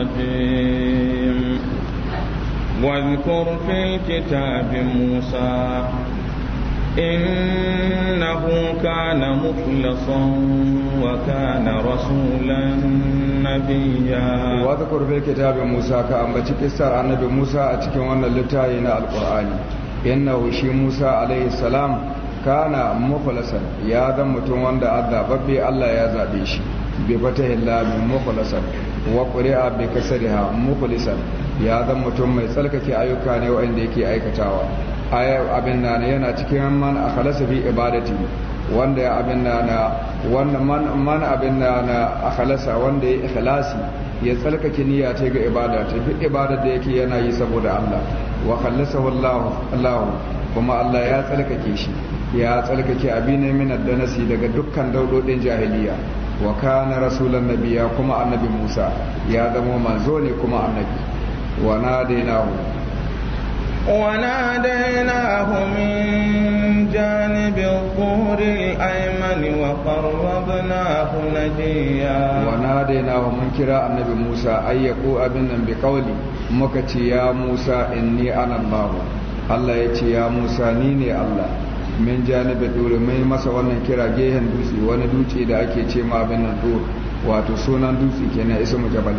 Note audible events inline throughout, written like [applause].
الرجيم واذكر في الكتاب موسى إنه كان مخلصا وكان رسولا نبيا واذكر في الكتاب موسى كأنبتي عن نبي موسى أتكي وانا لتاين القرآن إنه شي موسى عليه السلام كان kana mukhlasan ya zan mutum wanda azababbe Allah ya zabe shi bi fatahillahi مخلصا wa ƙuri'a bai kasariha mukulisan ya zan mutum mai tsarkake ayyuka ne wa'anda yake aikatawa abin na yana cikin man a khalasa fi ibadati wanda ya abin na na wanda man abin na na a khalasa wanda ya ikhlasi ya tsarkake niyya ce ga ibada ta duk ibadar da yake yana yi saboda Allah wa wallahu Allah kuma Allah ya tsarkake shi ya tsarkake abin ne min ad daga dukkan daudodin jahiliya wa kana rasulan nabiya kuma annabi Musa ya zama manzo ne kuma annabi wa nadainahu wa nadainahu min janibin al aimani al-ayman wa qarrabnahu nadiya wa nadainahu mun kira annabi Musa ayyaku abin nan bi kawali muka ce ya Musa inni ana babu? Allah ya ce ya Musa ni ne Allah min janibi dole mai masa wannan kira gehen dutse wani dutse da ake ce ma abin nan dole wato sunan dutse kenan mu jabal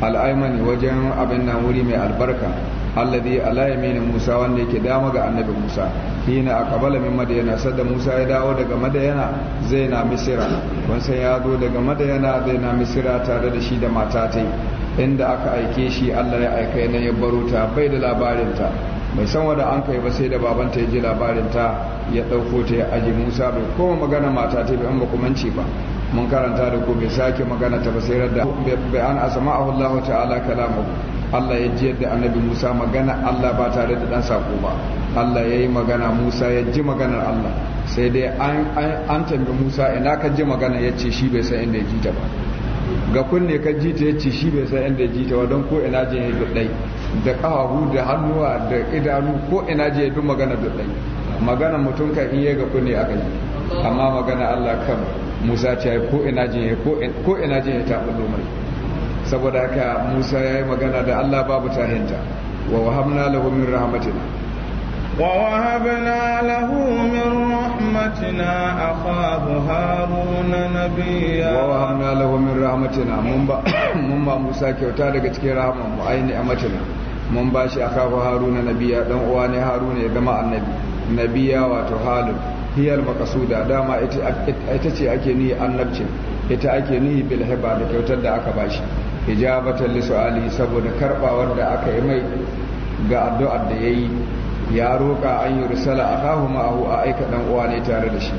al'aimani wajen abin nan wuri mai albarka alladhi ala yamin musa wanda yake dama ga annabi musa hina aqbala min madayana sadda musa ya dawo daga madayana zai na misira wansa ya zo daga madayana zai na misira tare da shi da matatai inda aka aike shi Allah ya aika na ya baro ta bai da labarinta bai san wanda an kai ba sai da babanta ya ji labarin ta ya ɗauko ta ya aji musa bai koma magana mata ta bai an ba mun karanta da ko bai sake magana ta ba sai radda bai an asama Allah ta'ala kalamu Allah ya ji yadda annabi Musa magana Allah ba tare da dan sako ba Allah ya yi magana Musa ya ji maganar Allah sai dai an tambi Musa ina ka ji magana ya ce shi bai san inda ya ji ta ba ga kunne ka jita ya ce shi bai san inda jita wa don ko ina je ya dudai da kawahu da hannuwa da idanu ko ina je ya duk magana dudai magana mutum ka iya ya ga kunne a kai amma magana Allah kan Musa yi ko ina je ko ina je ya taɓa mai saboda haka Musa ya yi magana da Allah babu tahinta wa wahamna lahu min ووهبنا له من رحمتنا أخاه هارون نبيا ووهبنا له من رحمتنا من با [coughs] موسى كيوتار daga رحمة معين أمتنا من amatina أخاه هارون نبيا haruna nabiya هارون uwa النبي نبيا ya هي المقصودة داما اتتي halun hiyar makasuda ita ake nihi bil hiba da kyautar da aka bashi hijabatan li su'ali saboda karbawar da aka yi mai ga addu'ar da yayi ya roƙa an yi risala a kahu ma'ahu a aika ɗan uwa ne tare da shi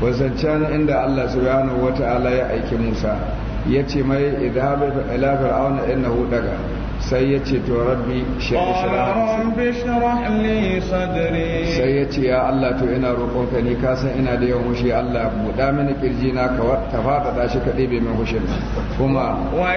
wasancan inda Allah subhanahu ta'ala ya aiki Musa ya ce mai haɓe ila fir'auna na daga sai ya ce to rabbi sai ya ce ya Allah to ina roƙonka ne ka san ina da yawan hushi Allah buɗa mini kirji na ka faɗaɗa shi ka bai min hushin kuma ya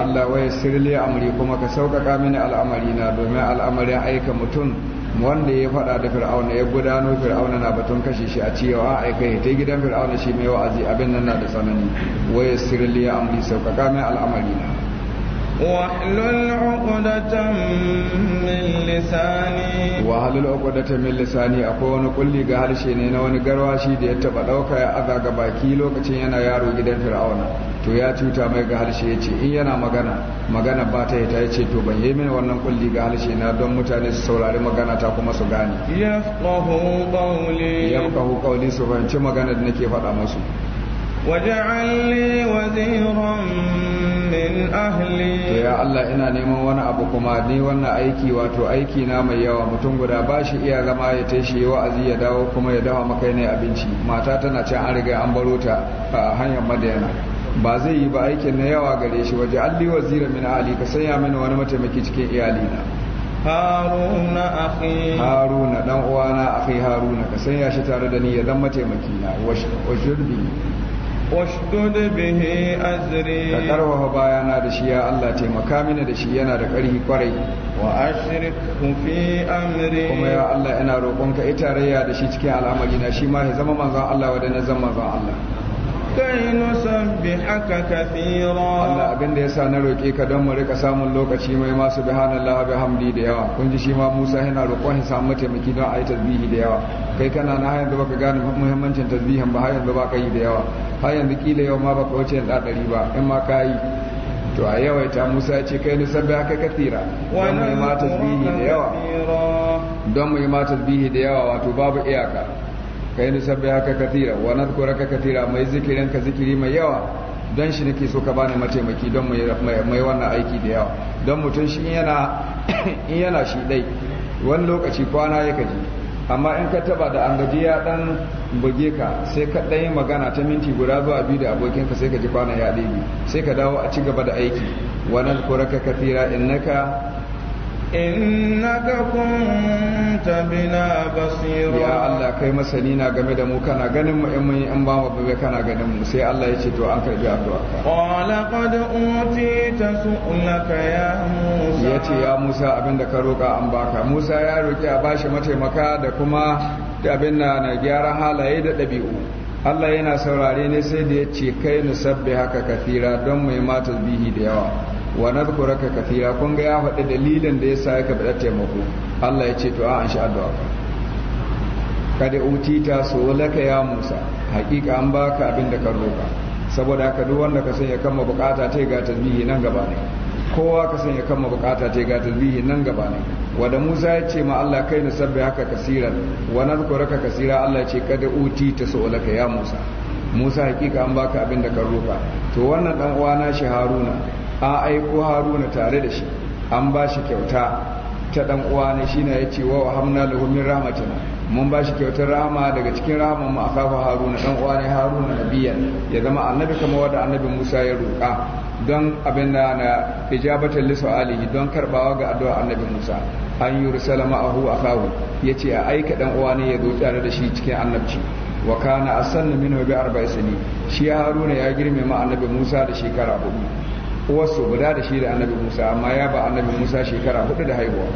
Allah waya sirli amri kuma ka sauƙaƙa mini al'amari na domin al'amarin aika mutum wanda ya faɗa da fir'auna ya gudano fir'auna na batun kashe shi a cewa a aika ta gidan fir'auna shi mai wa'azi abin nan na da tsanani waya sirli amri sauƙaƙa mini al'amari na واحلل عقدة من لساني min lisani akwai wani kulli ga harshe ne na wani garwashi da ya taba dauka ya aza ga baki lokacin yana yaro gidan fir'auna to ya cuta mai ga harshe yace in yana magana magana ba ta yi ce to ban yi mini wannan kulli ga harshe na don mutane su saurari magana ta kuma su gane yafqahu qawli yafqahu qawli su fahimci magana da nake faɗa musu واجعل لي وزيرا min ahli to ya Allah ina neman wani abu kuma ni wannan aiki wato aiki na mai yawa mutum guda ba shi iya zama ya ta wa'azi ya dawo kuma ya dawo maka ne abinci mata tana can an riga an baro ta a hanyar madayana ba zai yi ba aikin na yawa gare shi waje alli wazira min Ali ka sanya mini wani mataimaki cikin na. haruna akhi haruna dan uwana akhi haruna ka sanya shi tare da ni ya zama mataimaki na washurbi واشدد به أزري تقربه بايانا دشيا الله تيمكا من دشيا نا دقريه قري وأشركه في أمري كما يا الله إنا روقنك إتاريا دشي تكي على أمجنا شما هزم مزا الله ودنا زم مزا الله kai nusabbihaka kathira Allah abin da yasa na roƙe ka don mu rika samun lokaci mai masu subhanallahi bihamdi da yawa kun ji shi ma Musa yana roƙon ya samu mataimaki don a yi tasbihi da yawa kai kana na hayan da baka gane muhimmancin tasbihin ba hayan da baka yi da yawa hayan da kila yau ma baka wuce da ɗari ba in ma ka yi to a yawaita musa ce kai ni sabbi haka kathira don mu yi ma tasbihi da yawa don mu yi ma tasbihi da yawa wato babu iyaka kai nusabbi haka katira wa ka katira mai zikirin ka zikiri mai yawa don shi nake so ka bani mataimaki don mai wannan aiki da yawa don mutum shi in yana [coughs] shi dai wani lokaci kwana ya kaji amma in ka taba da an gaji ya dan buge ka sai ka dan magana ta minti guda zuwa biyu da abokinka sai ka ji kwana ya ɗebe sai ka dawo a ci gaba da aiki wa nadhkuraka katira innaka innaka kunta bina basira ya Allah kai masani na game da mu kana ganin mu in mun ba mu babe kana ganin mu sai Allah ya ce to an karbi addu'a ka qala qad utita su'laka ya Musa yace ya Musa abinda ka roka an baka Musa ya roki a bashi mataimaka da kuma abin na na gyara halaye da ɗabi'u Allah yana saurare ne sai da ya ce kai nusabbi haka kafira don mai mata bihi da yawa wa nadhkuraka kathira kun ga ya faɗi dalilin da ya sa ka bada taimako Allah ya ce to an sha addu'a kada utita so laka ya Musa hakika an baka abin da ka roka saboda haka duk wanda ka san ya kama bukata ta ga tasbihi nan gaba ne kowa ka san ya kama bukata ta ga tasbihi nan gaba ne wanda Musa ya ce ma Allah kai na sabbi haka kasiran wa nadhkuraka kasira Allah ya ce kada utita so laka ya Musa Musa hakika an baka abin da ka roka to wannan dan uwa na shi Haruna a aiko haruna tare da shi an ba shi kyauta ta dan uwa ne ya ce wa hamna lahumin rahmatina mun ba shi kyautar rahama daga cikin rahaman mu akafa haruna dan uwa ne haruna nabiya ya zama annabi kamar wanda annabi Musa ya roƙa don abin da na ijabatar lisa alihi don karbawa ga addu'a annabi Musa an yi rusala ma'ahu ya ce a aika dan uwa ne ya zo tare da shi cikin annabci wa kana asanna min bi arba'i sani shi haruna ya girme ma annabi Musa da shekara hudu wasu guda da shi da annabi musa amma ya ba annabi musa shekara hudu da haihuwa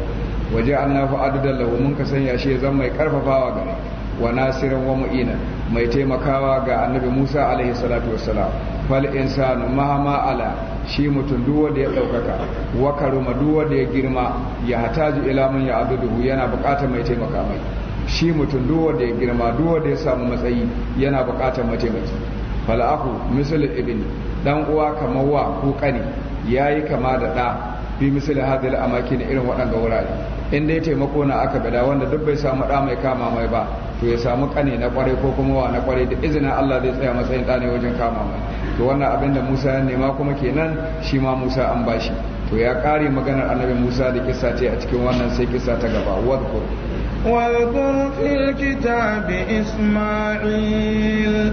waje an nafi adadar lahu mun ka sanya shi zan mai karfafawa gare wa nasirin wa mu'ina mai taimakawa ga annabi musa alaihi salatu wassalam fal insanu mahama ala shi mutum duwa da ya ɗaukaka wa karuma duwa da ya girma ya hataju ila mun ya abuduhu yana buƙatar mai taimaka mai shi mutum duwa da ya girma duwa da ya samu matsayi yana buƙatar mataimaki fal aku misal ibni dan uwa kamar wa ko kani yayi kama da da bi misali hadil amakin irin waɗanga wurare in dai taimako na aka bada wanda duk bai samu da mai kama mai ba to ya samu kane na kwarai ko kuma wa na kwarai da izinin Allah zai tsaya matsayin da ne wajen kama mai to wannan abin da Musa ya nema kuma kenan shi ma Musa an bashi to ya kare maganar annabi Musa da kissa ce a cikin wannan sai kissa ta gaba wadkur واذكر fil kitabi isma'il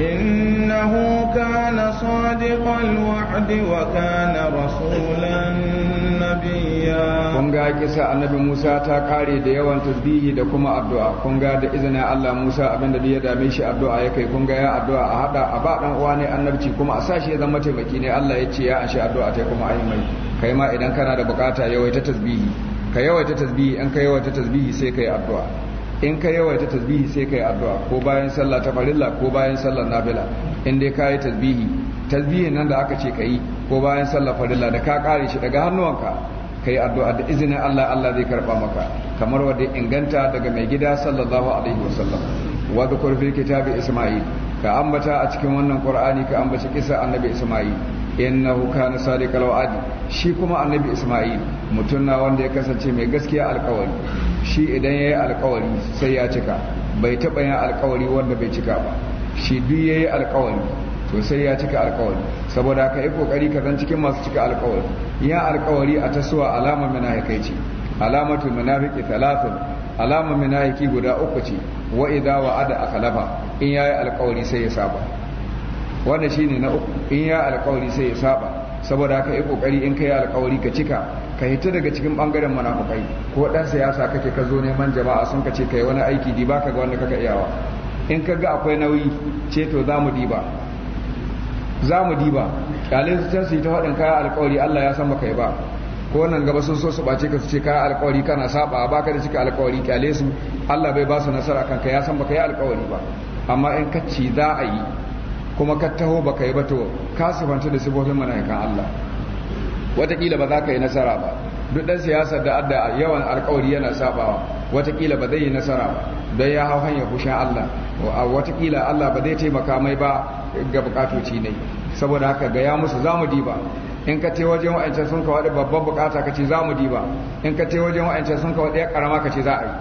إنه كان صادق الوعد وكان رسولا نبيا kun ga kisa annabi Musa ta kare da yawan tasbihi da kuma addu'a kun ga da izinin Allah Musa abinda da ya dame shi addu'a ya kai kun ga addu'a a haɗa a ba ɗan uwa ne annabci kuma a sa ya zama taimaki ne Allah ya ce ya anshi addu'a ta kuma ayi mai kai ma idan kana da bukata yawaita tasbihi ka yawaita tasbihi in ka yawaita tasbihi sai kai addu'a in ka yawaita tasbihi sai ka yi addu'a ko bayan sallah ta farilla ko bayan sallah nafila in dai ka yi tasbihi tasbihin nan da aka ce ka yi ko bayan sallah farilla da ka kare shi daga hannuwanka ka yi addu'a da izinin Allah Allah zai karba maka kamar wanda inganta daga mai gida sallallahu alaihi wasallam wa kitabi isma'il ka ambata a cikin wannan qur'ani ka ambaci kisa annabi isma'il innahu kana sadiqal wa'd shi kuma annabi isma'il mutum na wanda ya kasance mai gaskiya alkawari shi idan yayi alkawari sai ya cika bai taba yin alkawari wanda bai cika ba shi duk yayi alkawari to sai ya cika alkawari saboda ka yi kokari ka zan cikin masu cika alkawari ya alkawari a tasowa alamar munafikai alamatul munafiki thalathun alamar munafiki guda uku ce wa wa'ada a kalafa in yayi alkawari sai ya saba wannan shine na uku in ya alƙawari sai ya saba saboda haka yi kokari in kai alƙawari ka cika ka hita daga cikin bangaren munafukai ko dan siyasa kake ka zo neman jama'a sun ka ce kai wani aiki di baka ga wanda kaka iyawa in ka ga akwai nauyi ce to za mu diba za mu diba su can su ta faɗin kaya alƙawari Allah ya san baka yi ba ko nan gaba sun so su ɓace ka su ce kaya alƙawari kana saba baka da cika alƙawari kyale su Allah bai ba su nasara kanka ya san baka yi alƙawari ba amma in ka ci za a yi kuma ka taho baka yi bato ka sifanta da sifofin mala'ikan Allah watakila ba za ka yi nasara ba duk ɗan siyasar da adda yawan alkawari yana sabawa watakila ba zai yi nasara ba don ya hau hanyar fushin Allah watakila Allah ba zai taimaka mai ba ga bukatoci ne saboda haka gaya musu za mu diba in ka te wajen wa'ancan sun kawo da babban bukata ka ce za mu diba in ka te wajen wa'ancan sun kawo ɗaya karama ka ce za a yi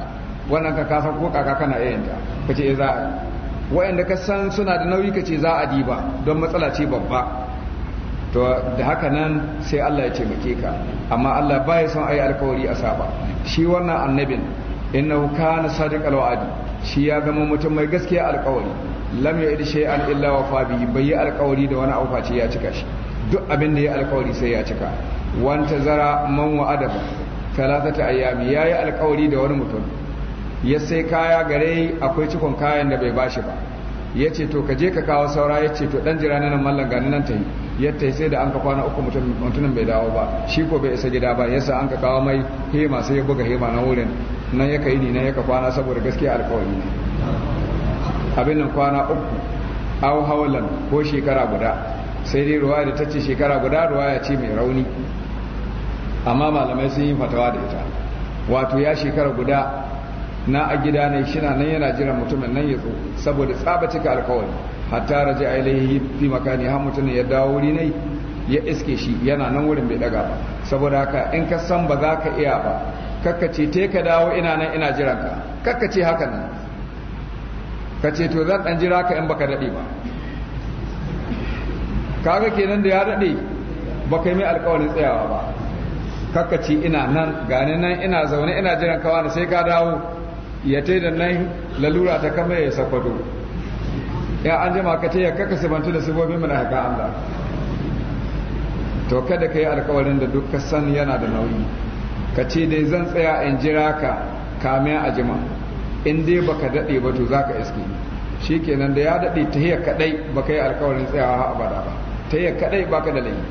wannan ka kasan ko kaka kana iya yanta ka ce eh za a yi wa'anda ka san suna da nauyi ka ce za a diba don matsala ce babba to da haka nan sai Allah ya taimake ka amma Allah baya son ayi alkawari a saba shi wannan annabin innahu kana sadiq wa'di shi ya zama mutum mai gaskiya alkawari lam ya'id shay'an illa wafa bihi bai yi alkawari da wani aufa ce ya cika shi duk abin da ya alkawari sai ya cika wanta zara man wa'ada talatata ayyami yayi alkawari da wani mutum ya sai kaya gare akwai cikon kayan da bai bashi ba ya ce to ka je ka kawo saura ya ce to dan jira nan mallan gani nan ta yi ta yi sai da an ka kwana uku mutumin bai dawo ba shi ko bai isa gida ba ya sa an ka kawo mai hema sai ya buga hema na wurin nan ya kai ni nan ya ka kwana saboda gaskiya alkawari abin nan kwana uku au hawalan ko shekara guda sai dai ruwa da ta shekara guda ruwa ya ce mai rauni amma malamai sun yi fatawa da ita wato ya shekara guda na a gida ne shi na nan yana jiran mutumin nan ya zo saboda tsaba cika alkawari hatta raja ilaihi fi makani har mutumin ya dawo wuri ne ya iske shi yana nan wurin bai daga ba saboda haka in ka san ba za ka iya ba kakkace te ka dawo ina nan ina jiran ka kakkace haka nan ka ce to zan dan jira ka in baka dade ba kaga kenan da ya dade baka yi mai alkawarin tsayawa ba kakkace ina nan gani nan ina zaune ina jiran ka wani sai ka dawo ya ta da nan lalura ta kama ya sakwado ya an jima ka ta ya kaka sibantu da sabobi mana haka da. to kada ka yi alkawarin da duk ka san yana da nauyi ka ce dai zan tsaya in jira ka kamiya a jima in dai baka daɗe ba to za ka iske shi kenan da ya daɗe ta yi kaɗai ba ka yi alkawarin tsayawa abada ba ta yi kaɗai ba ka da laifi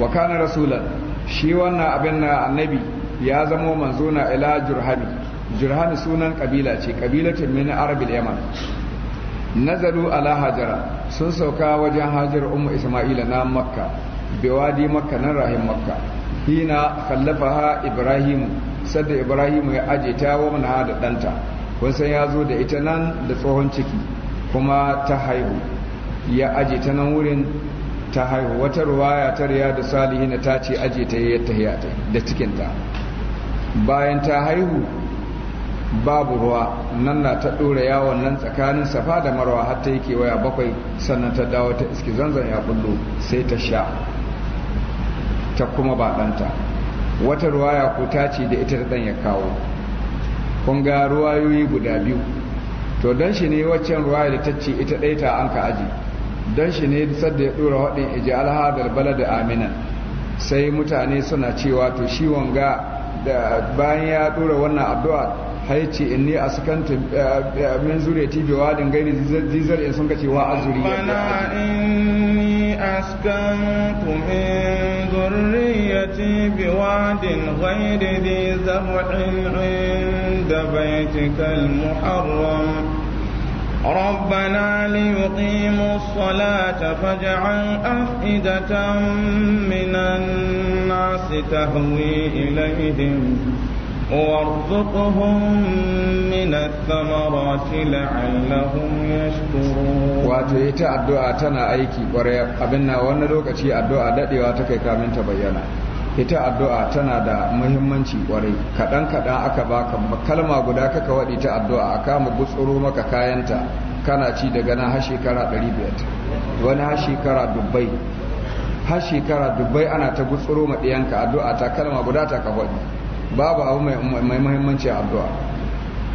wa kana rasulan shi wannan abin na annabi ya zamo manzo na ila jurhami jirhan sunan kabila ce kabilatin min arabil yaman nazaru ala hajara sun sauka wajen hajar ummu isma'ila na makka biwadi makka nan rahim makka hina khallafaha ibrahim sadda ibrahim ya aje ta wa mana da danta wasan ya zo da ita nan da tsohon ciki kuma ta haihu ya aje ta nan wurin ta haihu wata ruwaya ta riya da salihina ta ce aje ta yi ta da cikinta bayan ta haihu babu ruwa nan na ta ɗora yawon nan tsakanin safa da marwa har ta yi kewaya bakwai sannan ta dawo ta iski zanzan ya kullu sai ta sha ta kuma ba ɗanta wata ruwaya ko ta ce da ita ɗan ya kawo kun ga ruwayoyi guda biyu to don shi ne waccan ruwaya da ta ce ita ɗaya ta an ka aji don shi ne sadda ya ɗora waɗin iji alhadar bala da aminan sai mutane suna cewa to shi wanga da bayan ya ɗora wannan addu'a haici inni askanta eh, eh, min zuriyati bi wadin gairi zizar in sun kace wa azuri bana inni askantu min zurriyati bi wadin ghairi zizab'in inda baytikal muharram ربنا ليقيموا الصلاة فاجعل أفئدة من الناس تهوي إليهم وارزقهم من الثمرات لعلهم يشكرون wato ita addu'a tana aiki kwarai abin na wani lokaci addu'a واتكي ta kai kamin ta bayyana ita addu'a tana da muhimmanci kwarai kaɗan kaɗan aka baka kalma guda kaka waɗi ta addu'a a kama gutsuro maka kayanta kana ci daga na har shekara 500 wani har shekara dubbai har shekara dubbai ana ta gutsuro ma ɗiyanka addu'a ta kalma guda ta ka waɗi babu abu mai muhimmanci addu'a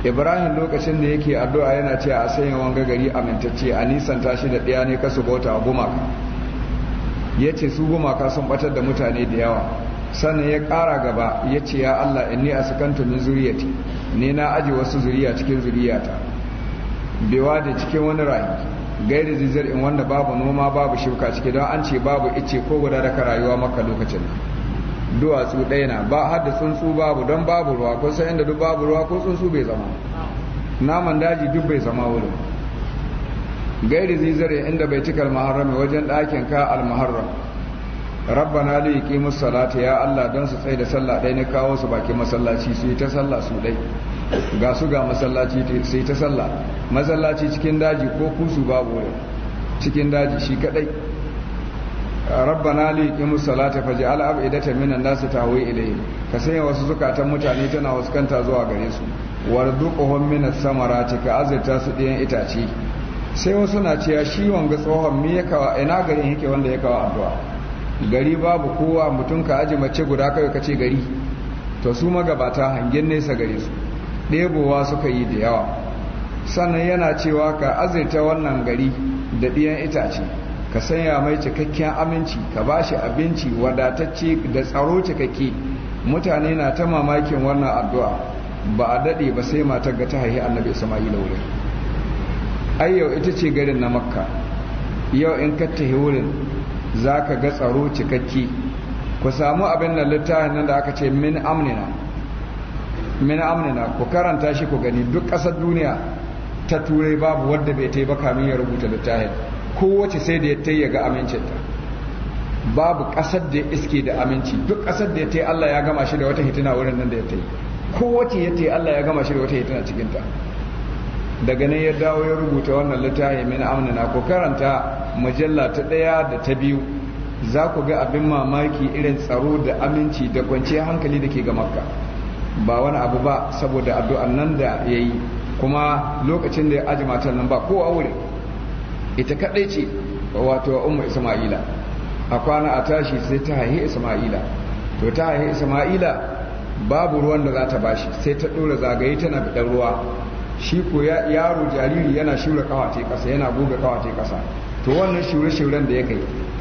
ibrahim lokacin da yake addu'a yana ce a sanya wanga gari amintacce a nisan tashi da ɗaya ne kasu bauta a gumaka ya ce su gumaka sun batar da mutane da yawa sannan ya ƙara gaba ya ce ya allah inni a sakanta min zuriyati ne na aji wasu zuriya cikin zuriyata bewa da cikin wani rayu gairi zizir in wanda babu noma babu shuka ciki don an ce babu ice ko guda daga rayuwa maka lokacin nan duwatsu ɗaya na ba har da tsuntsu babu don babu ruwa ko sai inda duk babu ruwa ko tsuntsu bai zama naman daji duk bai zama wuri gairi zizare inda bai cika almaharram wajen ɗakin ka almaharram rabbana li yuqimus salata ya Allah don su tsaye da sallah ɗaya na kawo su baki masallaci su yi ta sallah su ɗai ga su ga masallaci su yi ta sallah masallaci cikin daji ko kusu babu cikin daji shi kaɗai rabbana li qimu salata faj'al ta minan ta tahwi ilayhi ka sanya wasu zukatan mutane tana waskanta zuwa gare su warzuqhum minas samarati ka azirta su ɗiyan itace sai wasu na cewa shi wanga tsohon me ya kawa ina garin yake wanda ya kawa addu'a gari babu kowa mutum ka aji mace guda kai, ka ce gari to su magabata hangen nesa gare su ɗebowa suka yi da yawa sannan yana cewa ka azirta wannan gari da ɗiyan itace ka sanya mai cikakken aminci ka ba shi abinci wadatacce da tsaro cikakke mutane na ta mamakin wannan addu'a ba a daɗe ba sai matar ga ta haihi annabi isma'ila wurin ai yau ita ce garin na makka yau in ka tahi wurin za ka ga tsaro cikakke ku samu abin da littafin nan da aka ce min amnina min amnina ku karanta shi ku gani duk ƙasar duniya ta turai babu wadda bai taimaka min ya rubuta littafin kowace sai da ya ta ya ga amincinta babu ƙasar da ya iske da aminci duk ƙasar da ya ta Allah ya gama shi da wata hitina wurin nan da ya ta yi kowace ya ta Allah ya gama shi da wata hitina cikinta daga nan ya dawo ya rubuta wannan littafi min na ko karanta mujalla ta ɗaya da ta biyu za ku ga abin mamaki irin tsaro da aminci da kwanciyar hankali da ke ga makka ba wani abu ba saboda addu'an nan da ya yi kuma lokacin da ya aji nan ba kowa wuri ita kaɗai ce wato umar isma'ila a kwana a tashi sai ta haihe isma'ila to ta haihe isma'ila babu ruwan da za ta bashi sai ta ɗora zagaye tana fitar ruwa shi ko yaro jariri yana shura kawace ƙasa yana goga kawace ƙasa to wannan shure-shuren da ya kai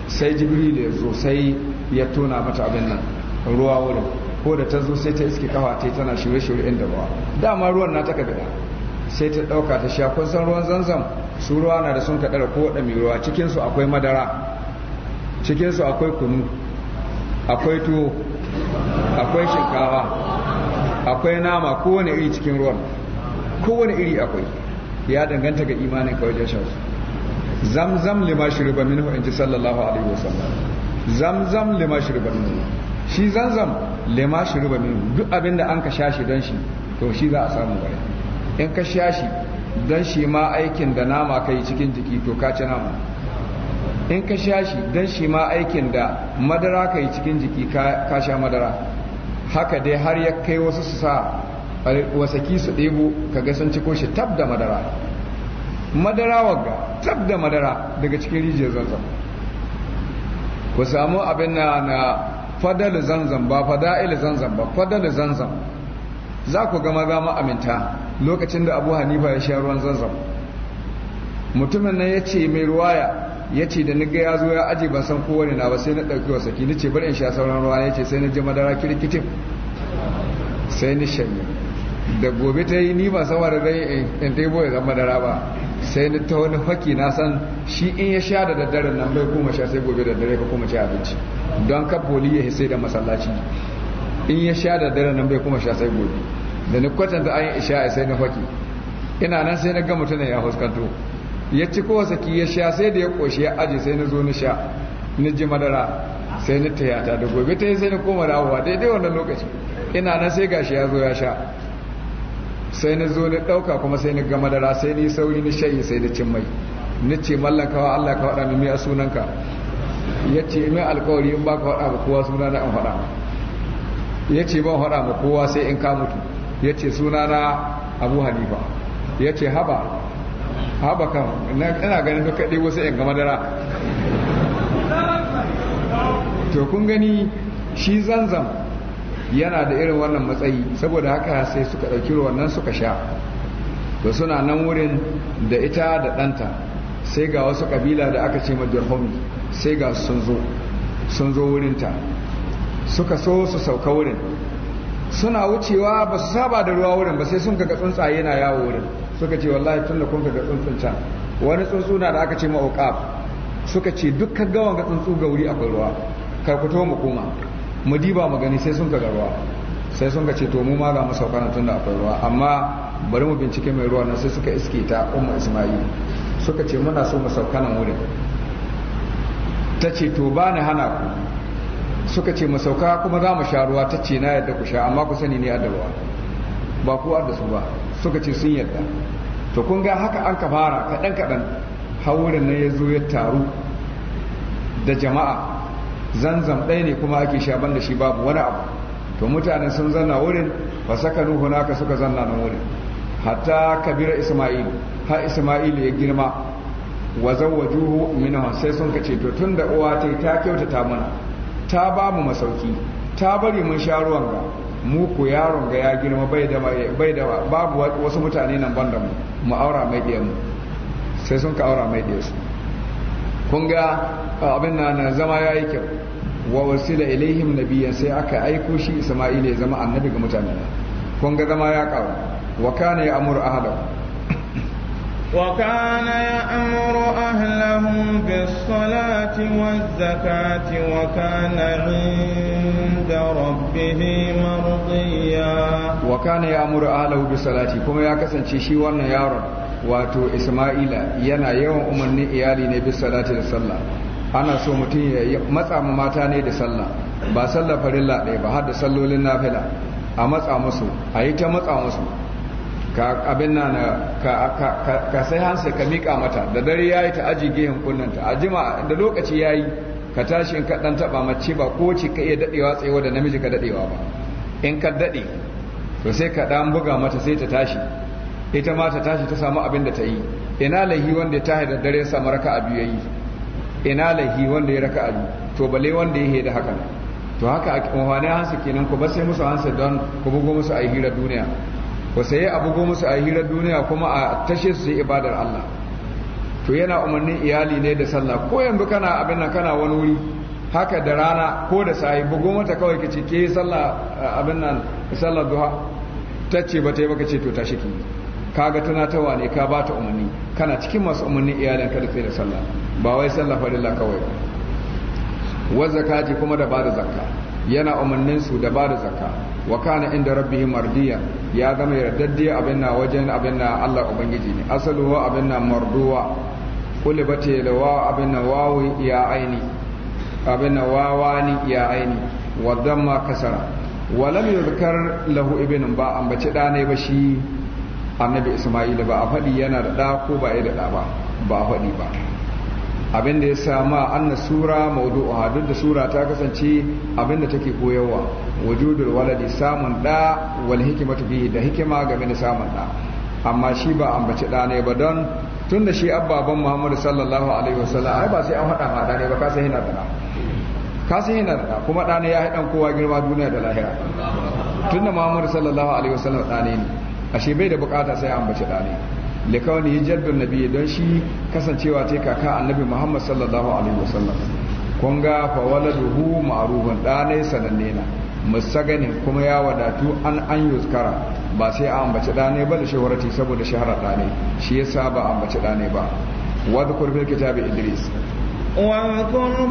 sai jibril ya zo sai ya tona mata abin nan ruwa wurin ko da ta zo sai ta iske kawace tana shure-shure inda ruwa dama ruwan na ta kabila sai ta ɗauka ta sha kun san ruwan zanzam su ruwa na da sun kaɗara ko waɗanda ruwa cikinsu akwai madara cikinsu akwai kunu akwai tuwo akwai shinkawa akwai nama kowane iri cikin ruwan kowane iri akwai ya danganta ga imanin kawai da shansu zamzam lima shirba min in ji sallallahu alaihi wasallam zamzam lima shirba minhu shi zamzam lima shirba minhu duk abin da an ka sha shi don shi to shi za a samu gare in ka sha shi don shi ma aikin da nama ka yi cikin jiki to ka ci nama in ka sha shi don shi ma aikin da madara ka yi cikin jiki ka sha madara haka dai har ya kai wasu su sa wasaki su ɗebo ga sun ciko shi tab da madara madara wagga tab da madara daga cikin rijiyar zanzan ku samu abin na na fadal zanzan ba fada'il zanzan ba fadal zanzan za ku gama gama aminta lokacin da abu hanifa ya sha ruwan zanzam mutumin nan ya ce mai ruwaya ya ce da niga ya zo ya aji ba san kowane na ba sai na ɗauki wasa ki nace bar in sha sauran ruwa ya ce sai na ji madara kirkitin sai ni shanye da gobe ta yi ni ba san da dai in ta yi boye zan madara ba sai ni ta wani haki na san shi in ya sha da daddaren nan bai kuma sha sai gobe da daddare ka kuma ci abinci don kaboli ya sai da masallaci in ya sha da dare nan bai kuma sha sai gobe da ni kwatanta ayin isha sai na faki ina nan sai na ga mutum ya huskanto ya ci kowa saki ya sha sai da ya koshi ya aje sai na zo na sha na ji madara sai na tayata da gobe ta yi sai na koma dawowa daidai wannan lokaci ina nan sai gashi ya zo ya sha sai na zo na ɗauka kuma sai na ga madara sai ni sauri na shayi sai na cin mai na ce kawa Allah ka faɗa mini a sunanka ya ce alƙawari alkawari in ba ka faɗa ba kowa suna na an faɗa ya ce ban faɗa ma kowa sai in ka mutu ya ce na abu hanifa ya ce haba haba kan ina ganin duka ɗebo wasu yan gama dara to kun gani shi zanzam yana da irin wannan matsayi saboda haka sai suka ɗauki wannan suka sha da suna nan wurin da ita da ɗanta sai ga wasu ƙabila da aka ce ma sai ga sun zo wurinta suka so su sauka wurin suna wucewa ba su saba da ruwa wurin ba sai sun kaga tsuntsaye yana yawo wurin suka ce wallahi tun da kun kaga tsuntsun can wani tsuntsu na da aka ce ma'uqaf suka ce dukkan gawan ga tsuntsu ga wuri akwai ruwa kai ku to mu koma mu diba mu gani sai sun kaga ruwa sai sun ka ce to mu ma ga mu sauka tun da akwai ruwa amma bari mu bincike mai ruwa nan sai suka iske ta umma isma'il suka ce muna so mu sauka nan wurin ta ce to ba ni hana ku suka ce mu sauka kuma za mu sha ruwa ta ce na yadda ku sha amma ku sani ne a dalwa ba ku da su ba suka ce sun yadda to kun ga haka an ka fara kaɗan kaɗan haurin na ya zo ya taru da jama'a zanzam ɗaya ne kuma ake sha da shi babu wani abu to mutane sun zanna wurin ba saka nuhu naka suka zanna na wurin hatta kabira isma'il ha isma'il ya girma wa zawwajuhu minhu sai sun kace to tunda uwa ta ta kyautata mana ta ba mu masauki ta bari mun sha ruwan ga mu ku yaron ga ya girma bai da bai da babu wasu mutane nan banda mu mu aura mai diyan mu sai sun ka aura mai diyan su kun ga abin nan zama yayi kyau wa wasila ilaihim nabiyyan sai aka aiko shi Isma'il ya zama annabi ga mutane kun ga zama ya kawo wa kana ya amuru ahalahu وكان يأمر أهله بالصلاة والزكاة وكان عند ربه مرضيا وكان يأمر أهله بالصلاة كما يكسن شيشي وانا يارب wato Isma'ila yana yawan umarnin iyali ne bis salati da sallah ana so mutum ya matsa mu mata ne da sallah ba sallah farilla ɗaya ba har da sallolin nafila a matsa musu a yi ta matsa musu ka abin nan ka sai hansa ka miƙa mata da dare ya yi ta aji gehen kunnanta a jima da lokaci ya yi ka tashi in ka dan taɓa mace ba ko ce ka iya daɗewa tsayewa da namiji ka daɗewa ba in ka daɗe to sai ka dan buga mata sai ta tashi ita ma ta tashi ta samu abin da ta yi ina lahi wanda ya tahi da dare ya samu raka a biyu ina lahi wanda ya raka a biyu to bale wanda ya da haka to haka a hansa kenan ku ba sai musu hansa don ku bugo musu a hira duniya ku sayi abu goma su a hirar duniya kuma a tashe su ibadar Allah to yana umarnin iyali ne da sallah ko yanzu kana abin nan kana wani wuri haka da rana ko da sayi goma ta kawai ka ce ke sallah abin nan sallah duha ta ce ba ta yi baka ce to tashi ki kaga ta ne ka bata umarni kana cikin masu umarnin iyalin ka da sai da sallah ba wai sallah farilla kawai wa zakati kuma da ba da zakka yana umarnin su da ba da zakka wa kana inda rabbihi mardiya ya zama yardaddiya abin na wajen abin na Allah ubangiji ne wa abin na marduwa kulibati lawa abin na wawi ya aini abin na wawani ya aini wa damma kasara wa lam yuzkar lahu ibnun ba bace da ne ba shi annabi Isma'il ba a faɗi yana da ɗa ko ba ya da ɗa ba ba a faɗi ba abin da ya sama anna sura a duk da sura ta kasance abin da take koyarwa wujudul waladi samun da wal hikima bihi da hikima game da samun da amma shi ba ambaci da ne ba don tun da shi abbaban Muhammadu sallallahu alaihi wasallam ai ba sai an hada ma da ne ba ka sai yana da ka sai yana da kuma da ne ya haɗan kowa girma duniya da lahira tun da Muhammadu sallallahu alaihi wasallam da ne ashe bai da bukata sai an ambaci da ne likawani hijaddun nabi don shi kasancewa ta kaka annabi muhammad sallallahu alaihi wasallam kun ga fa ruhu ma'rufun da sananne na musaganin kuma ya wadatu an an uskara ba sai a ambaci ɗanai ba da shawarci saboda shaharar ɗanai shi ya ba ambaci da ne ba wadhkur fil kitabi idris واذكر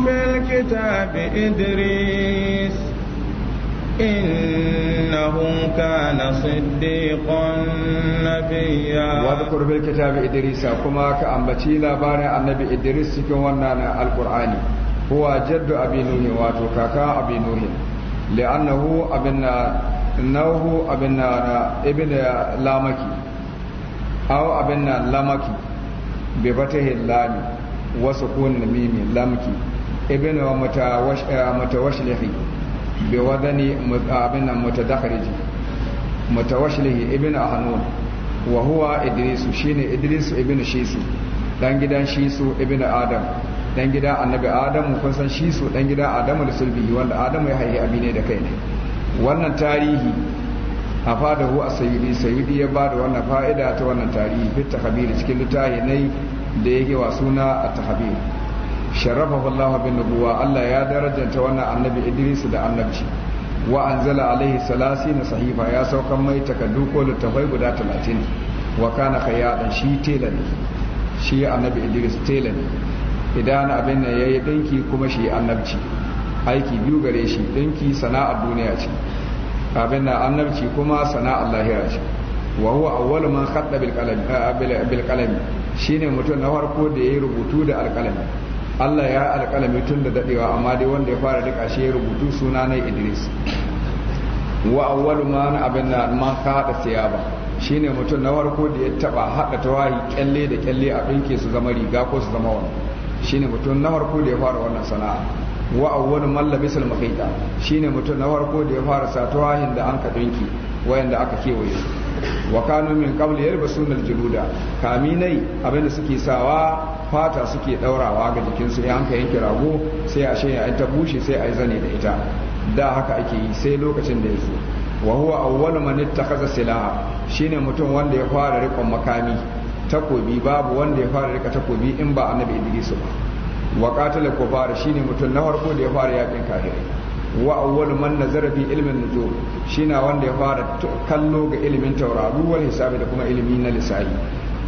في إنه كان صديقا نبيا واذكر بالكتاب إدريس كما كأنبتي لابارع النبي إدريس كوانا القرآن هو جد أبي نوه واتوكاكا أبي نوه لأنه أبن نوه أبن ابن لامكي أو أبن لامكي بفتح اللام وسكون الميم لامكي ابن متوشلحي bi wadani abin nan mutadakhriji mutawashlihi ibn ahnun wa huwa idris shine idris ibn shisu dan gidan shisu ibn adam dan gidan annabi adam kun san shisu dan gidan adamu da sulbi wanda adamu ya haihi abi ne da kai ne wannan tarihi a hu a sayidi sayidi ya bada wannan fa'ida ta wannan tarihi fit habiru cikin littafi nai da yake wa suna at habiru. sharafa Allah bin nubuwa Allah ya darajanta wannan annabi Idris da annabci wa anzala alaihi salasi na sahifa ya saukan mai takardu ko littafai guda 30 wa kana khayyadan shi tela ne shi annabi Idris tela ne idan abin nan yayi dinki kuma shi annabci aiki biyu gare shi dinki sana'ar duniya ce abin nan annabci kuma sana'ar lahira ce wa huwa awwalu man khatta bil qalam bil qalam shine mutum na farko da yayi rubutu da alqalami Allah ya alƙalami tun da daɗewa amma dai wanda ya fara rika shi ya rubutu suna na Idris wa awwalu man abinna man kada siyaba shine mutum na farko da ya taba hada tawahi kyalle da kyalle a dinke su zama riga ko su zama wani shine mutum na farko da ya fara wannan sana'a wa awwalu man labisal mahita shine mutum na farko da ya fara sa tawahin da an ka dinki wayanda aka kewaye su wa kanu min qabli yalbasuna aljuluda kaminai abinda suke sawa fata suke ɗaurawa ga jikinsu ya hanka yanke rago sai a shanya ta bushe sai a yi zane da ita da haka ake yi sai lokacin da ya zo wa huwa awwalu man ittakhadha silaha shine mutum wanda ya fara rikon makami takobi babu wanda ya fara rika takobi in ba annabi idrisu ba wa qatala kufara shine mutum na farko da ya fara yakin kafirai wa awwalu man nazara fi ilmin nujum shine wanda ya fara kallo ga ilimin tauraru wal hisabi da kuma ilimi na lisani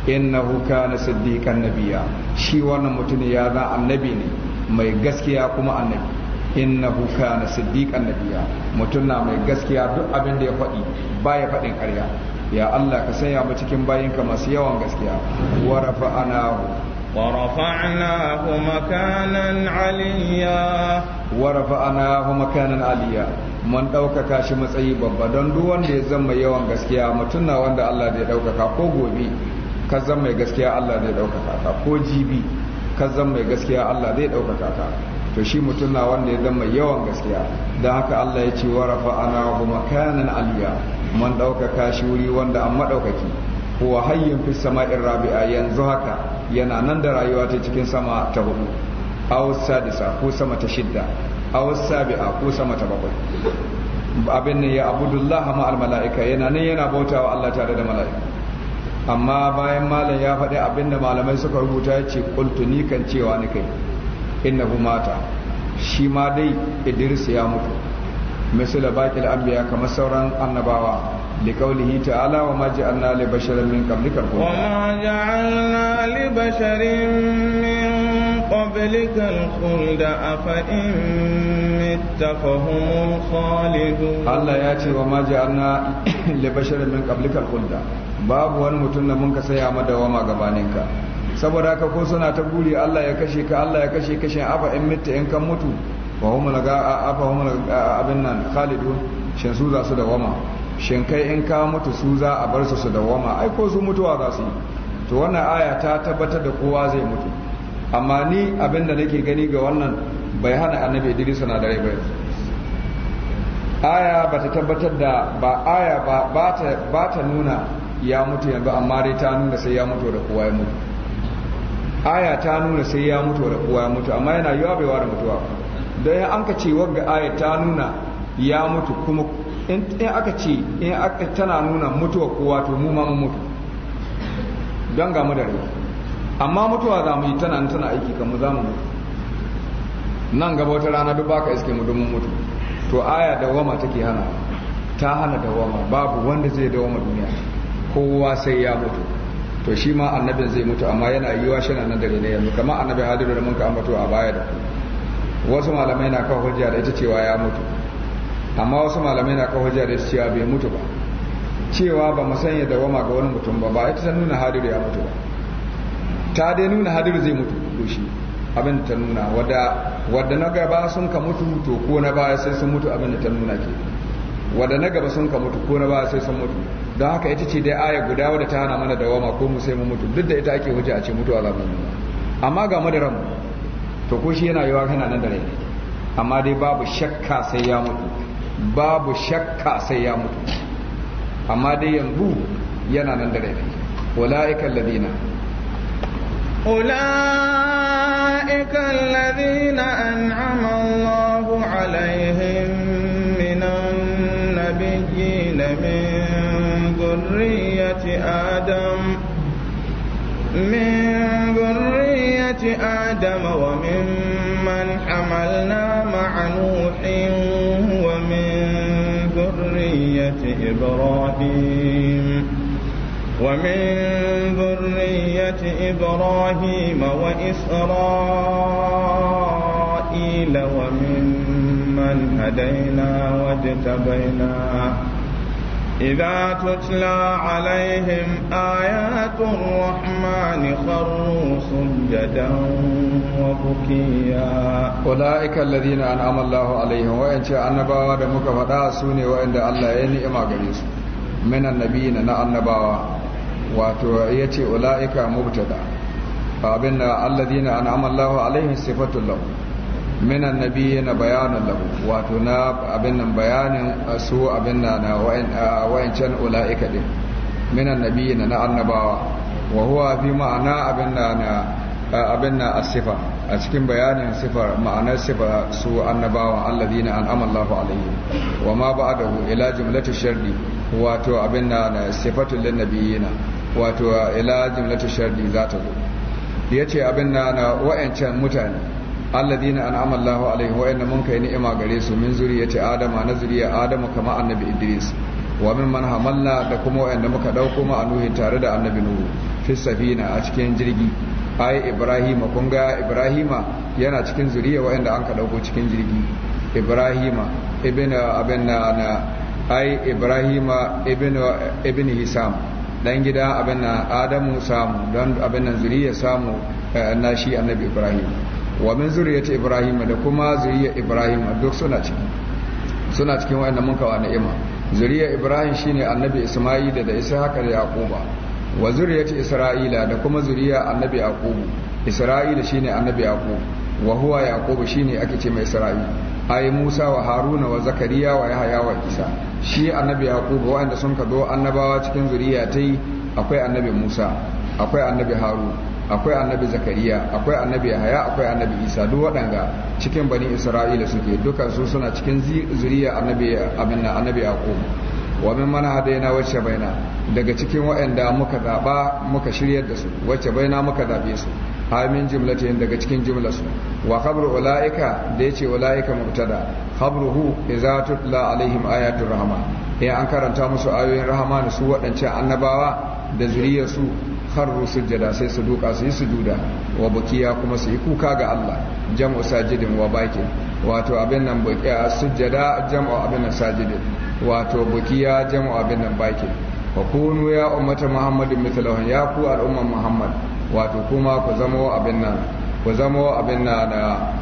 innahu kana siddiqan nabiyya shi wannan mutum ya za annabi ne mai gaskiya kuma annabi innahu kana siddiqan nabiyya mutum na mai gaskiya duk abin da ya faɗi baya faɗin ƙarya ya Allah ka sanya mu cikin bayinka masu yawan gaskiya wa makanan ورفعناه مكانا عليا ورفعناه مكانا عليا mun ɗaukaka shi matsayi babba don duk wanda ya zama yawan gaskiya mutum na wanda Allah zai ɗaukaka ko gobe kazan mai gaskiya Allah zai daukaka ka ko jibi kazan mai gaskiya Allah zai ɗaukaka ka to shi mutum na wanda ya zama yawan gaskiya Don haka Allah ya ce wa ana wa makanan aliya man daukaka shi wuri wanda an maɗaukaki wa hayyin fi sama'in rabi'a yanzu haka yana nan da rayuwa ta cikin sama ta hudu aw sadisa ko sama ta shidda aw sabi'a ko sama ta bakwai abin ne ya abudullah ma al mala'ika yana nan yana bautawa Allah tare da mala'ika amma bayan malam ya faɗi abinda malamai suka rubuta ya ce ni kan cewa ni kai innahu mata shi ma dai idris ya mutu misali an anbiya kamar sauran annabawa لقوله تعالى وما جعلنا لبشر min قبلك الخلد وما جعلنا لبشر من قبلك الخلد أفإن مت فهم الخالدون الله يأتي وما جعلنا لبشر من قبلك الخلد babu wani mutum da mun ka saya ma dawama gabaninka saboda haka ko suna ta guri Allah ya kashe ka Allah ya kashe kashin afa in mutu in kan mutu wa huma laga afa hum abin nan Khalid shin su za su dawama shin kai in ka mutu su za a bar su su dawama ai ko su mutuwa za su yi to wannan aya ta tabbatar da kowa zai mutu amma ni abin da nake gani ga wannan bai hana annabi Idris na dare bai aya ba ta tabbatar da ba aya ba ta nuna ya mutu yanzu amma dai ta nuna sai ya mutu da kowa ya mutu aya ta nuna sai ya mutu da kowa ya mutu amma yana yiwa baiwa da mutuwa don ya an ka ce wagga aya ta nuna ya mutu kuma in aka ce in aka tana nuna mutuwa kowa to mu ma mu mutu don ga mu da rai amma mutuwa za mu yi tana tana aiki mu za mu mutu nan gaba wata rana duk baka iske mu domin mutu to aya dawama take hana ta hana dawama babu wanda zai dawama duniya kowa sai ya mutu to shi ma annabin zai mutu amma yana wa shi na nan dare ne yanzu kamar annabi hadiru da muka mutu a baya da wasu malamai na kawo hujja da ita cewa ya mutu amma wasu malamai na kawo hujja da ita cewa bai mutu ba cewa ba mu sanya dawama ga wani mutum ba ba ita ta nuna hadiru ya mutu ba ta dai nuna hadiru zai mutu to shi abin ta nuna wadda na gaba sun ka mutu to ko na baya sai sun mutu abin da ta nuna ke wanda na gaba sun ka mutu ko na baya sai sun mutu don haka ita ce dai aya guda wadda ta hana mana dawama ko mu sai mu mutu duk da ita ake hujja a ce a za mu amma ga madaran to ko shi yana yawa kana nan da rai amma dai babu shakka sai ya mutu babu shakka sai ya mutu amma dai yanzu yana nan da rai ulaika alladina ulaika alladina an'ama Allahu alaihim من ذرية آدم من ذرية آدم وممن حملنا مع نوح ومن ذرية إبراهيم ومن ذرية إبراهيم وإسرائيل وممن هدينا واجتبينا إذا تتلى عليهم آيات الرحمن خروا سجدا وبكيا أولئك الذين أنعم الله عليهم وإن شاء النبوة دمك فدا سوني وإن الله ينعم عليهم من النبيين نا النبوة وتوعية أولئك مبتدا فأبن الذين أنعم الله عليهم صفة لهم minan nabiyyi na bayanin lahu wato na abin nan bayanin su abin na na wayancan ula'ika din minan nabiyyi na annabawa wa huwa fi ma'ana abin na na abin na asifa a cikin bayanin sifar ma'anar sifa su annabawa alladhina an'ama Allahu alaihim wa ma ba'dahu ila jumlatu shardi wato abin na na sifatul linnabiyyina wato ila jumlatu shardi za ta zo yace abin na na wayancan mutane alladina an'ama Allahu alaihi wa inna mun kai ni'ima gare su min zuriyati adama na zuriya adama kama annabi idris wa min man hamalna da kuma wanda muka dauko ma anuhi tare da annabi nuhu fi safina a cikin jirgi ai ibrahima kun ga ibrahima yana cikin zuriya wanda an ka dauko cikin jirgi ibrahima ibn abin na ai ibrahima ibn ibn hisam dan gida abin na adamu samu dan abin nan zuriya samu eh, na shi annabi ibrahima wa min zuriyati ibrahim da kuma zuriya ibrahim duk suna cikin suna cikin wayannan muka wa ni'ima zuriya ibrahim shine annabi isma'il da ishaq da yaquba wa zuriyati isra'ila da kuma zuriya annabi yaqub isra'ila shine annabi yaqub wa huwa yaqub shine ake ce mai isra'il ai musa wa haruna wa zakariya wa yahya wa isa shi annabi yaqub wanda sun kado annabawa cikin zuriya tai akwai annabi musa akwai annabi Haruna. akwai annabi zakariya akwai annabi yahaya akwai annabi isa duk waɗanga cikin bani isra'ila suke dukan su suna cikin zuriya annabi abinna annabi yaqub wa min mana hadaina wacce baina daga cikin waɗanda muka zaba muka shiryar da su wacce baina muka zabe su hamin jumlatin daga cikin jumlarsu wa khabru ulaika da yace ulaika mubtada khabruhu idza tutla alaihim ayatul rahman ya eh, an karanta musu ayoyin rahman su wadance annabawa da su kharru sujada sai su duka su yi sujuda wa bukiya kuma su yi kuka ga Allah jam'u sajidin wa baki? wato abin nan bukiya sujada jam'u abin nan sajidin wato bukiya jam'u abin nan baki. wa kunu ya ummata muhammadin mithlahum ya ku al'umman muhammad wato kuma ku zamo abin nan ku zamo abin na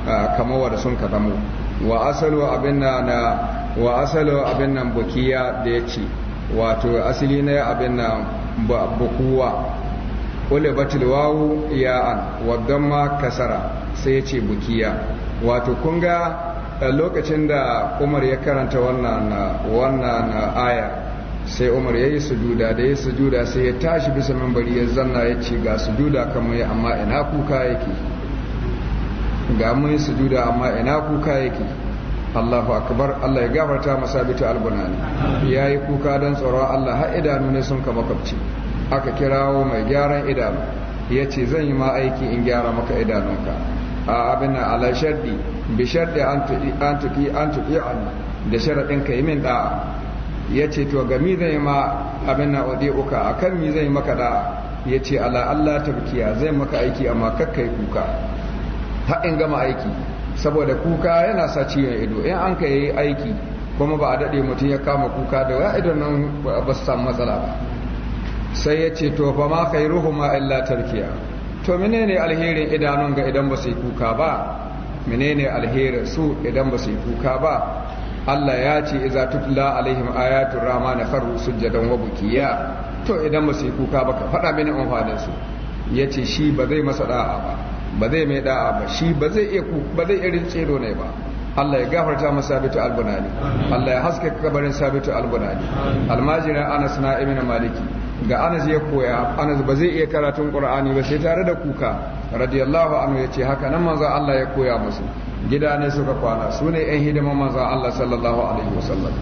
da kamawar sun ka zamo wa asalu abin na da wa asalu abin nan bukiya da ya ce wato asali na abin nan bukuwa kule batil wawu ya'an waddan ma kasara sai ya ce bukiya wato kun ga lokacin da umar ya karanta wannan wannan aya sai umar ya yi sujuda da ya sujuda sai ya tashi bisa mambari ya zanna ya ce ga sujuda kamar ya amma ina kuka yake ga mun sujuda amma ina kuka yake Allahu akbar Allah ya gafarta masa ne Ya yi kuka don tsoron Allah har idanu ne sun kama makwabci aka kirawo mai gyaran idanu ce zan yi ma aiki in gyara maka idanunka a abin na ala bi shardi an tuki an tuki an da sharadin ka yi min da'a ya ce to ga gami zai ma abin na ode uka a kan mi zai maka da ya ce ala Allah ta bukiya zai maka aiki amma kakka yi kuka haɗin gama aiki saboda kuka yana sa ciwon ido in an ka yi aiki kuma ba a daɗe mutum ya kama kuka da wa idon nan ba su samu matsala ba sai ya ce to fa ma ruhu ma illa tarkiya to menene alherin idanun ga idan ba su yi kuka ba menene alherin su idan ba su yi kuka ba Allah ya ce iza tutla alaihim ayatul rahmani kharru sujadan wa bukiya to idan ba su yi kuka ba ka faɗa mini amfanin su yace shi ba zai masa da'a ba ba zai mai da'a ba shi ba zai iya ba zai irin tsero ne ba Allah ya gafarta masa sabitu albunani Allah ya haske kabarin sabitu albunani almajira anas na ibn maliki ga anas ya koya anas ba zai iya karatun qur'ani ba sai tare da kuka radiyallahu anhu ya ce haka nan manzo Allah ya koya musu gida suka kwana su ne yan hidiman manzo Allah sallallahu alaihi wasallam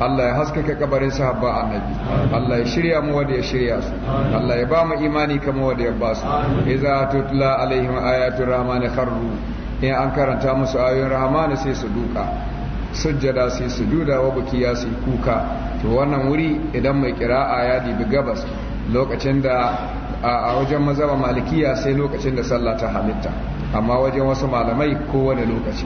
Allah ya haskaka kabarin sahabba annabi Allah ya shirya mu wanda ya shirya su Allah ya ba mu imani kamar wanda ya ba su idza tutla alaihim ayatu rahman kharru in an karanta musu ayoyin rahman sai su duka sujjada sai sujuda wa bukiya sai kuka to wannan wuri idan mai kira'a ya dibi gabas lokacin da a wajen mazaba malikiya sai lokacin da sallah ta halitta amma wajen wasu malamai kowane lokaci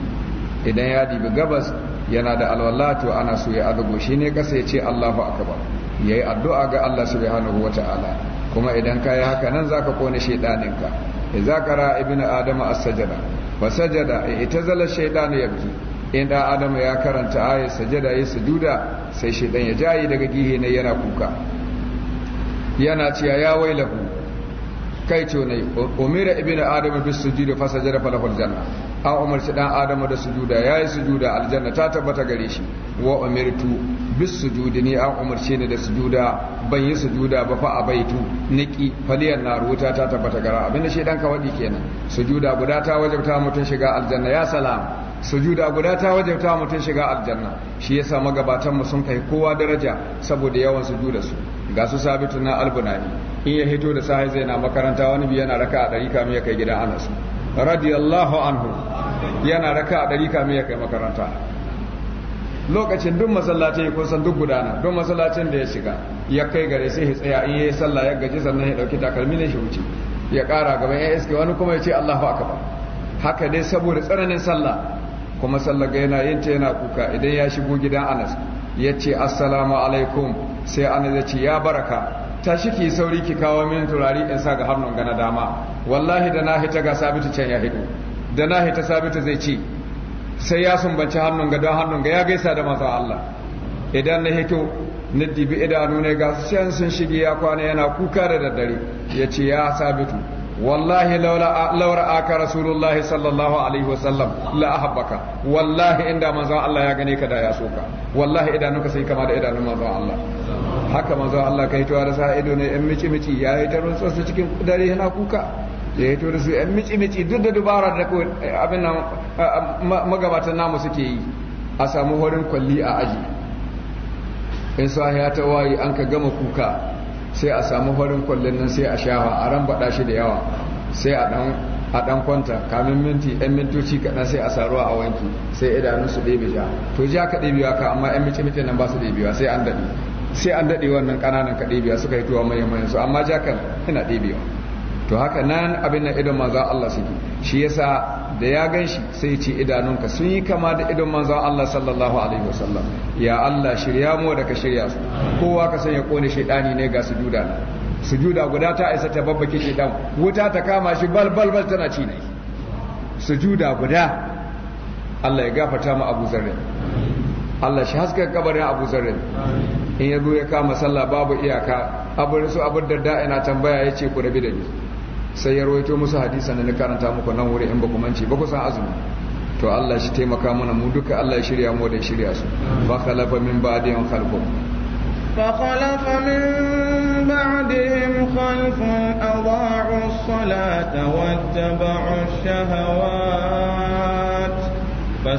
idan ya dibi gabas yana da alwala to ana so ya adugo shi ne kasa ya ce Allahu akbar yi addu'a ga Allah subhanahu wataala kuma idan ka yi haka nan zaka kone za ka qara ibnu adama as-sajada fa sajada itazala ya yabki in ɗan adam ya karanta ayi sajada ya sujuda sai shedan ya jayi daga gihe ne yana kuka yana cewa ya wailahu kai ce ne umira ibnu adam bis sujudi fa sajada falahu aljanna an umarci ɗan adam da sujuda yayi sujuda aljanna ta tabbata gare shi wa umirtu bis sujudi ne an umarci ni da sujuda ban yi sujuda ba fa abaitu niki faliyan na ruta ta tabbata gara abinda shedan ka wadi kenan sujuda guda ta wajabta mutun shiga aljanna ya salam sujuda guda ta wajabta mutum shiga aljanna shi yasa gabatan mu sun kai kowa daraja saboda yawan sujuda su ga su sabitu na albunani in ya hito da sahi zai na makaranta wani biyu yana raka a ɗari kamin ya kai gidan anas radiyallahu anhu yana raka a ɗari kamin ya kai makaranta lokacin duk masallacin ya kusan duk gudana duk masallacin da ya shiga ya kai gare sai ya tsaya in ya yi sallah ya gaji sannan ya ɗauki takalmi ne shi wuce ya ƙara gaban ya iske wani kuma ya ce allahu akbar haka dai saboda tsananin sallah kuma sallaga yana yin ta yana kuka idan ya shigo gidan anas ya ce assalamu alaikum sai anas ya ce ya baraka tashi ki sauri ki kawo min turari in sa ga hannun gana dama wallahi da na hita ga sabitu can ya hidu da na hita sabitu zai ce sai ya sumbanci hannun ga don hannun ga ya gaisa da maza Allah idan na hito na dibi idanu ne ga sun shige ya kwana yana kuka da daddare ya ce ya sabitu wallahi laura aka rasulullahi sallallahu alaihi wasallam la ahabbaka wallahi inda manzon Allah ya gane ka da ya soka wallahi idanunka sai kama da idanun manzon Allah haka manzon Allah kai to da sa ido ne yan mici mici ya yi tarun tsotsa cikin kuka ya to da su mici mici duk da dubara da abin nan magabatan namu suke yi a samu horin kwalli a aji in ya ta wayi an ka gama kuka sai a samu farin kwallon nan sai a shafa a ran baɗa shi da yawa sai a ɗan a ɗan kwanta kamin minti ɗan mintoci kaɗan sai a saruwa a wanki sai idanun su ɗebe ja to ja ka ɗebewa ka amma ɗan mice mice nan ba su ɗebewa sai an daɗe sai an daɗe wannan ƙananan ka ɗebewa suka yi tuwa manyan manyan su amma ja kan yana ɗebewa to haka nan abin nan idan maza Allah suke shi yasa da ya gan shi sai ce idanunka sun yi kama da idan manzan Allah sallallahu alaihi wasallam ya Allah shirya mu da ka shirya su kowa ka sanya kone shaidani ne ga sujuda sujuda guda ta isa ta babbake shaidan wuta ta kama shi bal bal bal tana ci ne sujuda guda Allah ya gafarta mu Abu Zarri Allah shi haskar kabarin Abu Zarri in ya zo ya kama sallah babu iyaka abin su abin da da'ina tambaya ya ce ku rabi da ni sai ya rawaito musu hadisan da na karanta muku nan wuri in ba kumanci ba ku san azumi to Allah shi taimaka mana mu duka Allah ya shirya mu da shirya su fa khalafa min ba'dihim khalfu fa khalafa min ba'dihim khalfu adha'u as-salata wattaba'u ash-shahawat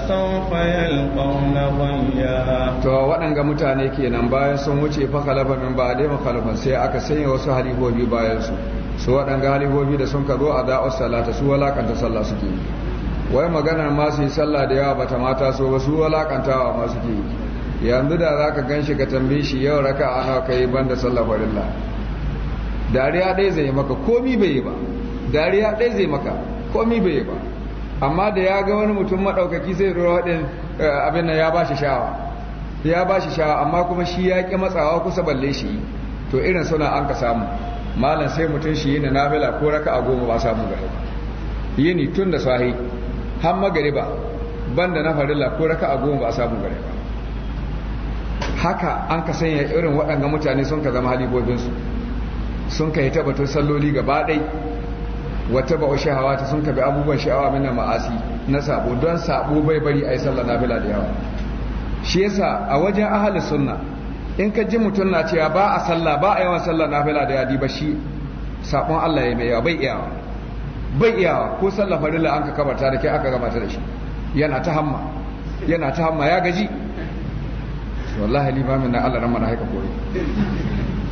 sawfa yalqawna ghayya to waɗanga mutane kenan bayan sun wuce fa khalafa min ba'dihim khalfu sai aka sanya wasu halifofi bayan su su waɗanga galibobi da sun karo a da'ar salata su walakanta sallah suke wai maganar masu yi sallah da yawa bata mata so ba su wa masu ke yanzu da za ka ganshi ka tambi shi yau raka a nawa ka yi da sallah farilla dariya ɗaya zai yi maka komi bai yi ba dariya ɗaya zai maka komi bai yi ba amma da ya ga wani mutum maɗaukaki zai ruwa ɗin eh, abin nan ya ba shi sha'awa ya ba shi sha'awa amma kuma shi ya ƙi matsawa kusa balle shi to irin suna an ka samu malam sai mutum shi yini bila ko raka a goma ba samu gare yini tun da sahi har ban da na farilla ko raka a goma ba samu gare ba haka an ka sanya irin waɗanga mutane sun ka zama halibobinsu sun ka yi tabbatar salloli gaba ɗai wata ba'o shahawa ta sun ka bi abubuwan sha'awa mina ma'asi na sabo don sabo bai bari a yi sallah bila da yawa shi yasa a wajen ahalin sunna in ka ji mutum na cewa ba a sallah ba a yawan sallah na fila da yadi ba shi sabon Allah ya mai yawa bai iyawa bai iyawa ko sallah farilla an ka kabata da ke aka gabata da shi yana ta hamma yana ta hamma ya gaji wallahi ba na Allah ramana haika kore.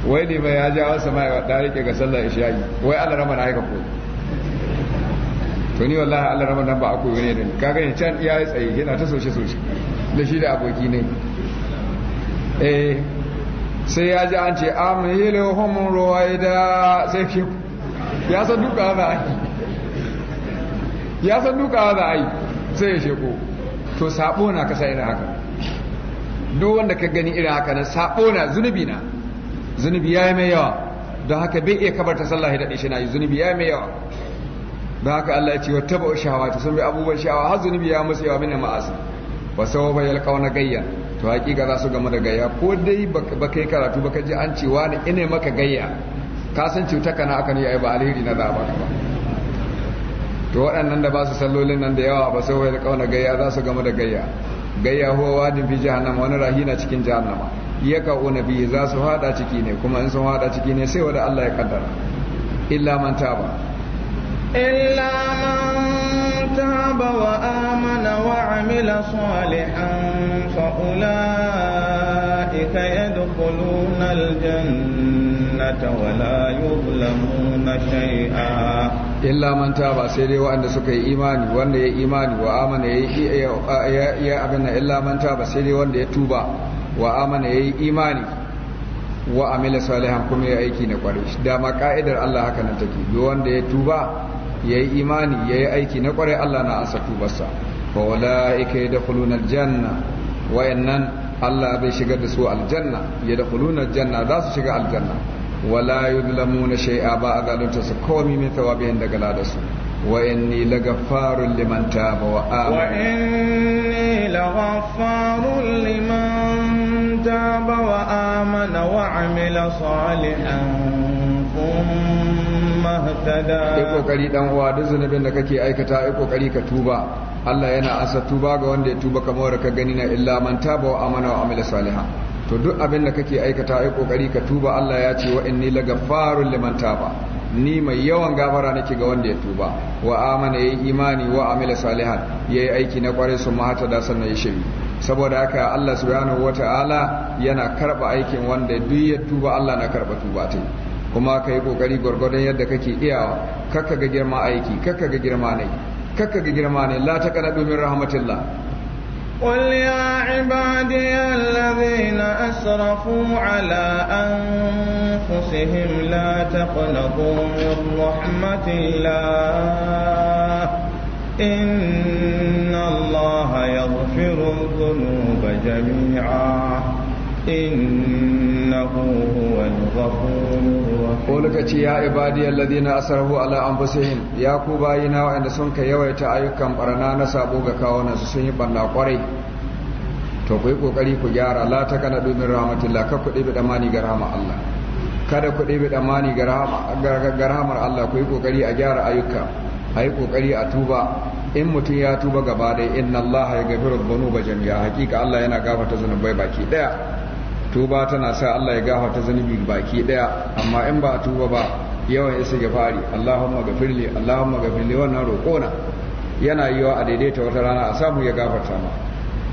wai ne mai ya awon sama ya da rike ga sallah isha'i wai Allah ramana haika kore. to ni wallahi Allah ramana ba a ne da ni kaga ne can iya tsaye yana ta soshe soshe da shi da aboki ne eh sai ya ji an ce amhilu hum ruwaida sai ke ya san duka za a yi ya san duka za a yi sai ya sheko to sabo na kasa irin haka duk wanda ka gani irin haka na sabo na zunubi na zunubi ya yi mai yawa don haka bai iya kabarta sallah da shi na yi zunubi ya yi mai yawa don haka Allah ya ce wa taba shawa ta sun bi abubuwan shawa har zunubi ya musu yawa mini ma'asi wa sau bai yalƙa gayya to hakika za su gamu da gayya ko dai ba kai karatu ba ka ji an cewa ne ina maka gayya ka san cuta kana aka ne ba alheri na zaba ba to waɗannan da ba su sallolin nan da yawa ba sai da kauna gayya za su gamu da gayya gayya huwa wadin fi jahannama wani rahina cikin jahannama ya kawo biyu za su hada ciki ne kuma in sun hada ciki ne sai wada Allah ya kaddara illa manta ba. إلا من تاب وآمن وعمل صالحا فأولئك يدخلون الجنة ولا يظلمون شيئا illa man taba sai dai waɗanda suka yi imani wanda ya yi imani wa amana ya yi abin nan illa man taba sai dai wanda ya tuba wa amana ya yi imani wa amila salihan kuma ya aiki na kwarai dama ka'idar Allah haka nan take duk wanda ya tuba ya yi imani ya yi aiki na kwarai Allah na ansa tubarsa fa wala'ika yadkhuluna aljanna wayannan Allah bai shigar da su aljanna yadkhuluna janna za su shiga aljanna wala yudlamuna shai'a ba azalunta su komi min thawabihin daga ba ladarsu وإني لغفار لمن تاب وآمن وإني لغفار لمن تاب وآمن وعمل صالحا ثم mahtada ai kokari dan uwa duk zunubin da kake aikata ai kokari ka tuba Allah yana asa tuba ga wanda ya tuba kamar ka gani na illa man taba wa amana wa amila salihan to duk abin da kake aikata ai kokari ka tuba Allah ya ce wa inni lagafarul liman taba ni mai yawan gafara nake ga wanda ya tuba wa amana yayi imani wa amila salihan yayi aiki na kwarai su mahata da sannan ya shiri saboda haka Allah subhanahu wataala yana karba aikin wanda duk ya tuba Allah na karba tubatai. kuma ka yi kokari gwargwadon yadda kake iyawa kakka ga girma aiki kakka ga girma ne kakka ga girma ne la taqnatu min rahmatillah قل يا عبادي الذين أسرفوا على أنفسهم لا تقنطوا من رحمة الله إن الله يغفر الذنوب جميعا innahu huwal ghafurur rahim ko lokaci ya ibadiyal ladina asrafu ala anfusihim ya ku bayina wa'anda sun ka yawaita ayyukan barna na sabo ga kawunan su sun yi banna kwarai to ku yi kokari ku gyara la ta kana dumin rahmatillah ka ku ɗebe damani ga rahama Allah kada ku ɗebe damani ga rahamar Allah ku yi kokari a gyara ayyuka a yi kokari a tuba in mutum ya tuba gaba dai inna Allah ya gafiru dhunuba jami'a hakika Allah yana gafarta zunubai baki daya tuba tana sa Allah ya gafarta zanubi baki daya amma in ba tuba ba yawan isa fari, Allahumma gafirli Allahumma gafirli wannan roƙona yana yiwa a daidaita wata rana a samu ya gafarta ma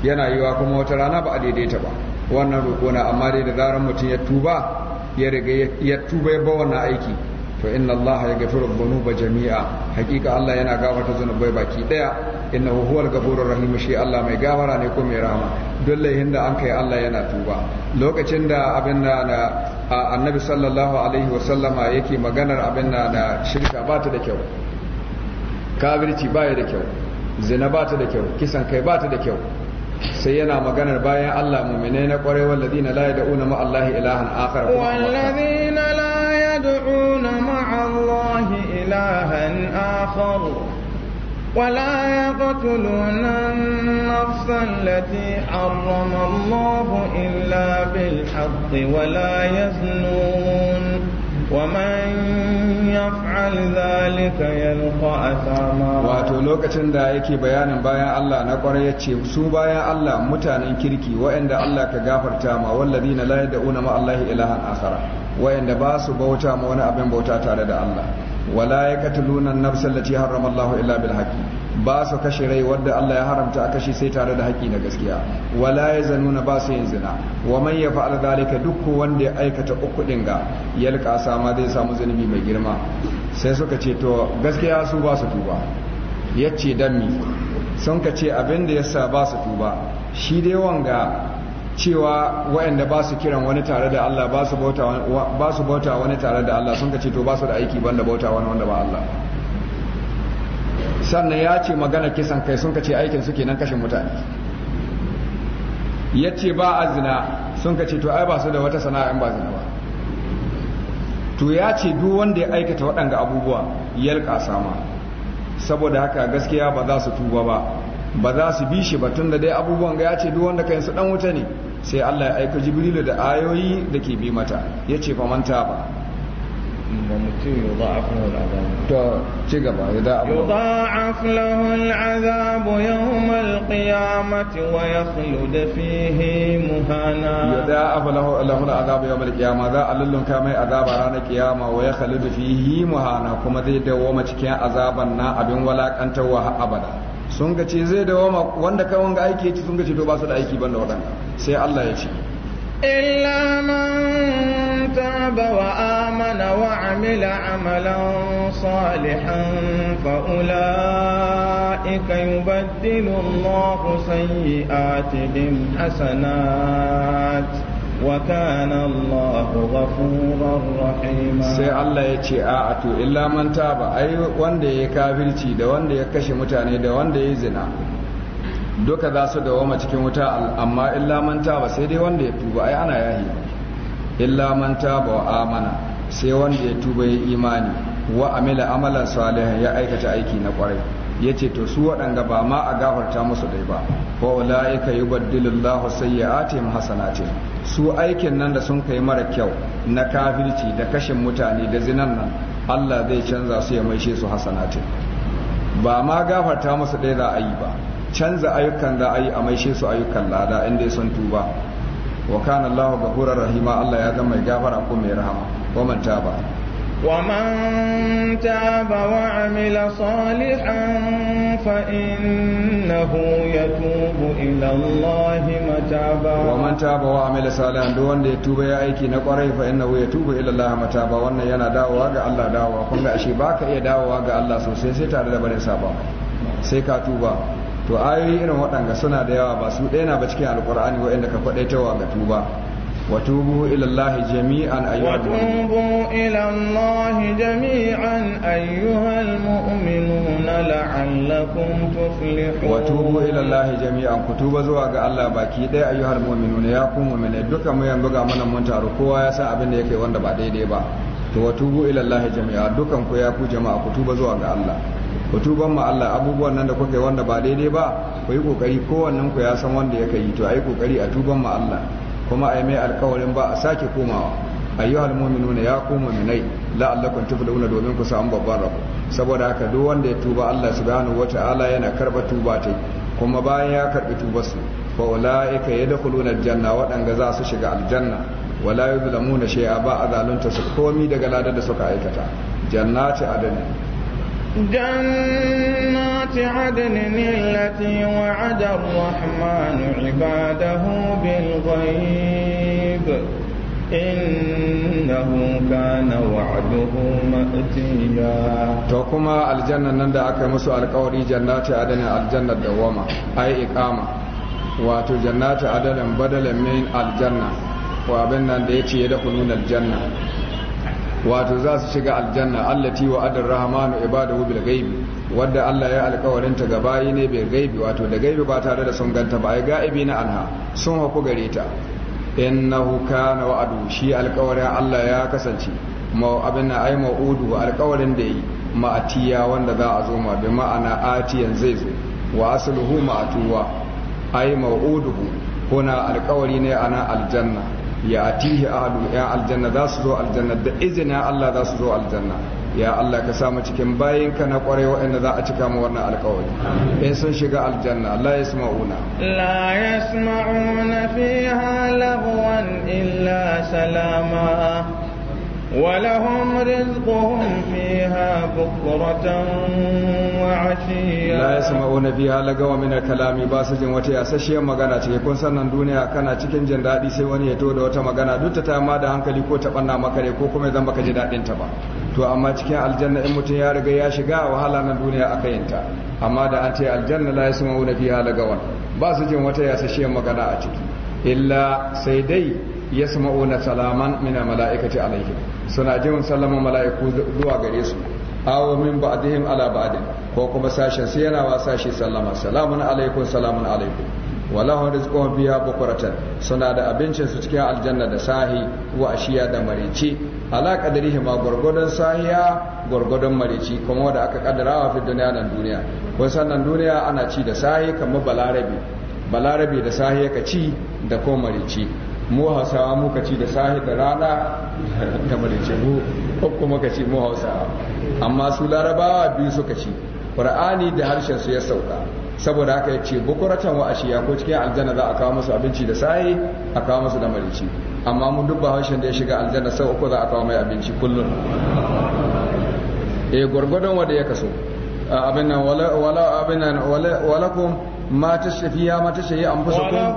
yana yiwa kuma wata rana ba a daidaita ba wannan roƙona amma dai da zarar mutum ya tuba ya riga ya tuba ya ba wannan aiki to inna allaha yaghfiru dhunuba jami'a hakika allah yana gafarta zunubai baki daya innahu huwal ghafurur rahim shi allah mai gafara ne ko mai rahama dole hinda an kai allah yana tuba lokacin da abin da annabi sallallahu alaihi wa sallama yake maganar abin da shirka ba ta da kyau kafirci baya da kyau zina ba ta da kyau kisan kai ba ta da kyau sai yana maganar bayan Allah muminai na kwarai ladina la yad'una ma Allah ilahan akhar wallazina la yad'una إلها آخر ولا يقتلون النفس التي حرم الله إلا بالحق ولا يزنون ومن يفعل ذلك يلقى أثاما wato lokacin da yake bayanin bayan Allah na kwarai ce su bayan Allah mutanen kirki waɗanda Allah ka gafarta ma wallazina la yad'una ma Allah ilahan akhara waɗanda ba su bauta ma wani abin bauta tare da Allah wala yaqtuluna an-nafs allati harrama Allahu illa bil haqqi ba su kashe rai wanda Allah ya haramta a kashe sai tare da haƙi na gaskiya wala zanuna ba su yin zina wa man fa'al dalika duk wanda ya aikata uku ɗin ga yalka sama zai samu zunubi mai girma sai suka ce to gaskiya su ba su tuba yace dan mi sun ka ce abin da yasa ba su tuba shi dai wanga cewa waɗanda ba su kiran wani tare da Allah ba su bauta wani tare da Allah sun ka ce to ba su da aiki banda bauta wani wanda ba Allah sannan ya ce magana kisan kai sun ka ce aikin suke nan kashin mutane ya ce ba a zina sun ka ce to ai ba su da wata sana'a in ba zina ba to ya ce duk wanda ya aikata waɗanga abubuwa yalƙa sama saboda haka gaskiya ba za su tuba ba ba za su bi shi ba tun da dai abubuwan ga ya ce duk wanda kayan su ɗan wuta ne sai Allah ya aika jibrilu da ayoyi da ke bi mata ya ce faman taba to ci gaba ya da abu yudha'af lahu al'azab yawm al-qiyamati wa yakhlud fihi muhana yudha'af lahu lahu al'azab yawm al-qiyama za a ka mai azaba ranar kiyama waya yakhlud dafihi muhana kuma zai dawo cikin azaban na abin abada sun ga ce zai dawama wanda kan wanga aiki ya ci sun ga ce to ba su da aiki banda waɗanda sai Allah ya ce إلا من تاب وآمن وعمل عملا صالحا فأولئك يبدل الله سيئاتهم حسنات وكان الله غفورا رحيما sai Allah ya ce a to illa man taba ai wanda ya kafirci da wanda ya kashe mutane da wanda ya zina duka za su dawoma cikin wuta amma illa man taba sai dai wanda ya tuba ai ana yahi illa man taba wa amana sai wanda ya tuba ya imani wa amila amalan salihan ya aikata aiki na kwarai ya ce to su waɗanda ba ma a gafarta musu dai ba wa ula'ika yubaddilu Allahu sayyi'atihim hasanatihim su aikin nan da sun kai mara kyau na kafirci da kashin mutane da zinan nan Allah zai canza su ya maishe su hasanatin ba ma gafarta musu ɗaya za a yi ba canza ayyukan za a yi a maishe su ayyukan lada inda sun tuba wa kana Allahu ghafurur rahima Allah ya zama mai gafara ko mai rahama ko manta ba ومن تاب وعمل صالحا فإنه يتوب إلى الله متابا ومن تاب وعمل صالحا دون دي توب يا ايكي نقري فإنه يتوب إلى الله متابا وانا ينا داوا الله داوا كنا اشباك اي يا داوا الله سوسي سيتا لبني سابا سيكا توبا to ayoyi irin waɗanda suna da yawa ba su ɗaya na ba cikin alƙur'ani waɗanda ka faɗaitawa ga tuba وتوبوا إلى الله جميعا أيها وتوبوا إلى الله جميعا أيها المؤمنون لعلكم تفلحون وتوبوا إلى الله جميعا كتوبة زواج الله باكي دي أيها المؤمنون ياكم ومن الدكا ميان بقى من منتع قوة يسا أبن يكي وند بعد دي با وتوبوا إلى الله جميعا دكا كياكو جماعة كتوبة زواج الله kutuban ma Allah abubuwan nan da kuke wanda ba daidai ba ku yi kokari kowannen ku ya san wanda yake yi to ai kokari a tuban ma Allah kuma a yi mai alkawarin ba a sake komawa ayyuhal mu'minuna ya koma mu'minai la'allakum tuflihuna domin ku samu babban rabo saboda haka duk wanda ya tuba Allah su subhanahu ala yana karba tuba ta kuma bayan ya karbi tuba su fa ulaika yadkhuluna aljanna waɗanda za su shiga aljanna wala yuzlamuna shay'a ba azalunta su komi daga ladar da suka aikata jannati adani جنات عدن التي وعد الرحمن عباده بالغيب innahu kana wa'duhu ma'tiya to kuma aljannan nan da aka musu alƙawari jannati adana aljannar dawama ai iqama wato jannati adanan badalan min aljanna wa abin nan da yace ya dakhulun aljanna wato za su shiga aljanna Allah allati wa adar rahmanu ibadahu bil ghaibi wadda Allah ya alƙawarin ta gaba ne bil ghaibi wato da ghaibi ba tare da sun ganta ba ai ga'ibi na anha sun hafu gare ta innahu kana wa'adu shi alƙawarin Allah ya kasance ma abin na ai ma'udu alƙawarin da yi ma'atiya wanda za a zo ma bi ma'ana atiyan zai zo wa asluhu ma'atuwa ai ma'uduhu kuna alƙawari ne ana aljanna ya atihi ahadu ya aljanna za su zo aljanna da izina Allah za su zo aljanna ya Allah ka samu cikin ka na kware waɗanda za a cika mu wannan alkawari in sun shiga aljanna la yasma'una la yasma'una fiha lagwan illa salama ولهم رزقهم فيها بكرة وعشيا لا يسمعون فيها لغوا من الكلام باس jin wata yasasshe magana ce kun sannan duniya kana cikin jin daɗi sai wani ya to da wata magana duk ta tama da hankali ko ta banna maka ko kuma zan ka ji daɗin ta ba to amma cikin aljanna in mutum ya riga ya shiga wahala na duniya aka yin ta amma da an ce aljanna la yasma'una fiha lagawan ba su jin wata yasasshe magana a ciki illa sai dai yasma'una salaman min mala'ikati alaihim suna jin sallama mala'iku zuwa gare su awo min ba'dihim ala ba'din ko kuma sashen sai yana wa sashi sallama salamun alaikum salamun alaikum walahu rizqu biya bukuratan suna da abincin su cikin aljanna da sahi wa ashiya da marici ala qadarihi ma gurgudan sahiya gurgudan marici kuma wanda aka wa fi duniya nan duniya ko sannan nan duniya ana ci da sahi kamar balarabi balarabi da sahi ka ci da ko marici mu hausawa muka ci da sahi da rana da malice mu uku muka ci mu hausawa amma su larabawa biyu suka ci qur'ani da harshen su ya sauka saboda haka ya ce bukuratan wa ashiya ko cikin aljanna za a kawo musu abinci da sahi a kawo musu da malice amma mu dubba harshen da ya shiga aljanna sau uku za a kawo mai abinci kullum eh gwargwadon wanda ya kaso abin wala abin nan wala kun ma ta shafiya ma ta shafi an fasa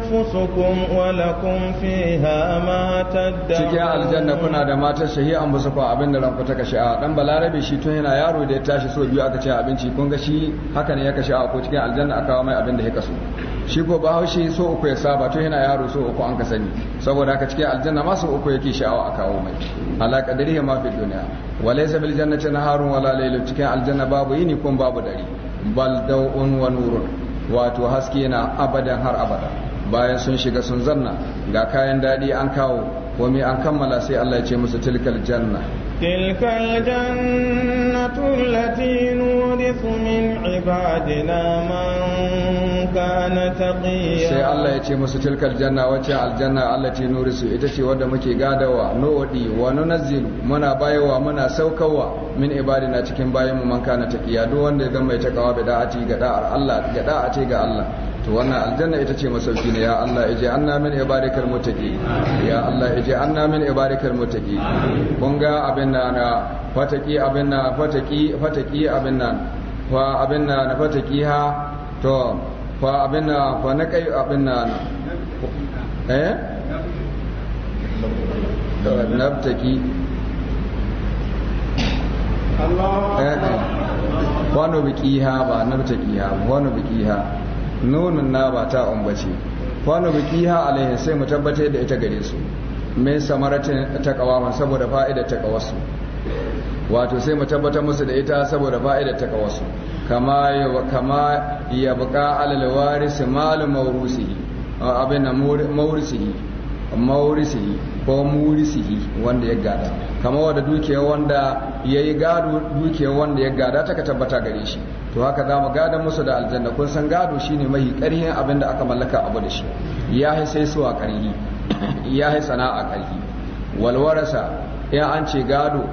أنفسكم ولكم فيها ما تدعون تجي الجنة كنا da الشهي أم an أبن kwa abin شعاء لن بلا ربي a يا shi tun yana yaro da ya tashi so biyu aka ce abinci kun ga shi haka ya kashe a ko cikin aljanna aka mai ya shi bahaushe so uku ya saba tun yana yaro so uku an ka sani saboda haka cikin aljanna ma so uku yake sha'awa a kawo mai ala qadarihi ya fi dunya walaysa bil jannati naharun wala laylun cikin aljanna babu yini kun babu dari bal daw'un wa wato haske na abadan har abada bayan sun shiga sun zanna ga kayan daɗi an kawo komai an kammala sai Allah ya ce musu tilkal janna tilkal jannatu allati nurithu min ibadina man kana taqiya sai Allah ya ce musu tilkal janna wacce aljanna allati nurisu ita ce wadda muke gadawa nuwadi wa nunazzilu muna bayawa muna saukawa min ibadina cikin bayan mu man kana taqiya duk wanda ya zama ya taqawa bi da'ati ga da'ar Allah ga da'ati ga Allah wannan aljanna ita ce masauki ne ya Allah ije anna min ibadikal muttaqi ya Allah ije anna min ibadikal muttaqi kun ga abin na nan ah, fataki abin nan fataki fataki abin nan fa abin na nan fataki ha to fa abin na fa na kai abin nan eh nabtaki Allah eh, eh. wano biki ha ba nabtaki ha wano biki ha nunun na ba ta umbace kwano ha alaihi sai mu tabbatar da ita gare su mai samaratin kawama saboda fa'idar kawasu wato sai mu tabbatar musu da ita saboda fa'idar kawasu kama kama ya buka alal warisi mal mawrusi abin mawrusi maurisihi ko murisihi wanda ya gada kama wadda dukiyar wanda ya yi gado dukiyar wanda ya gada ta ka tabbata gare shi to haka za mu gada musu da aljanna kun san gado shine mahi karhin abin da aka mallaka abu da shi ya yi sai suwa karhi ya yi sana'a karhi walwarasa in an ce gado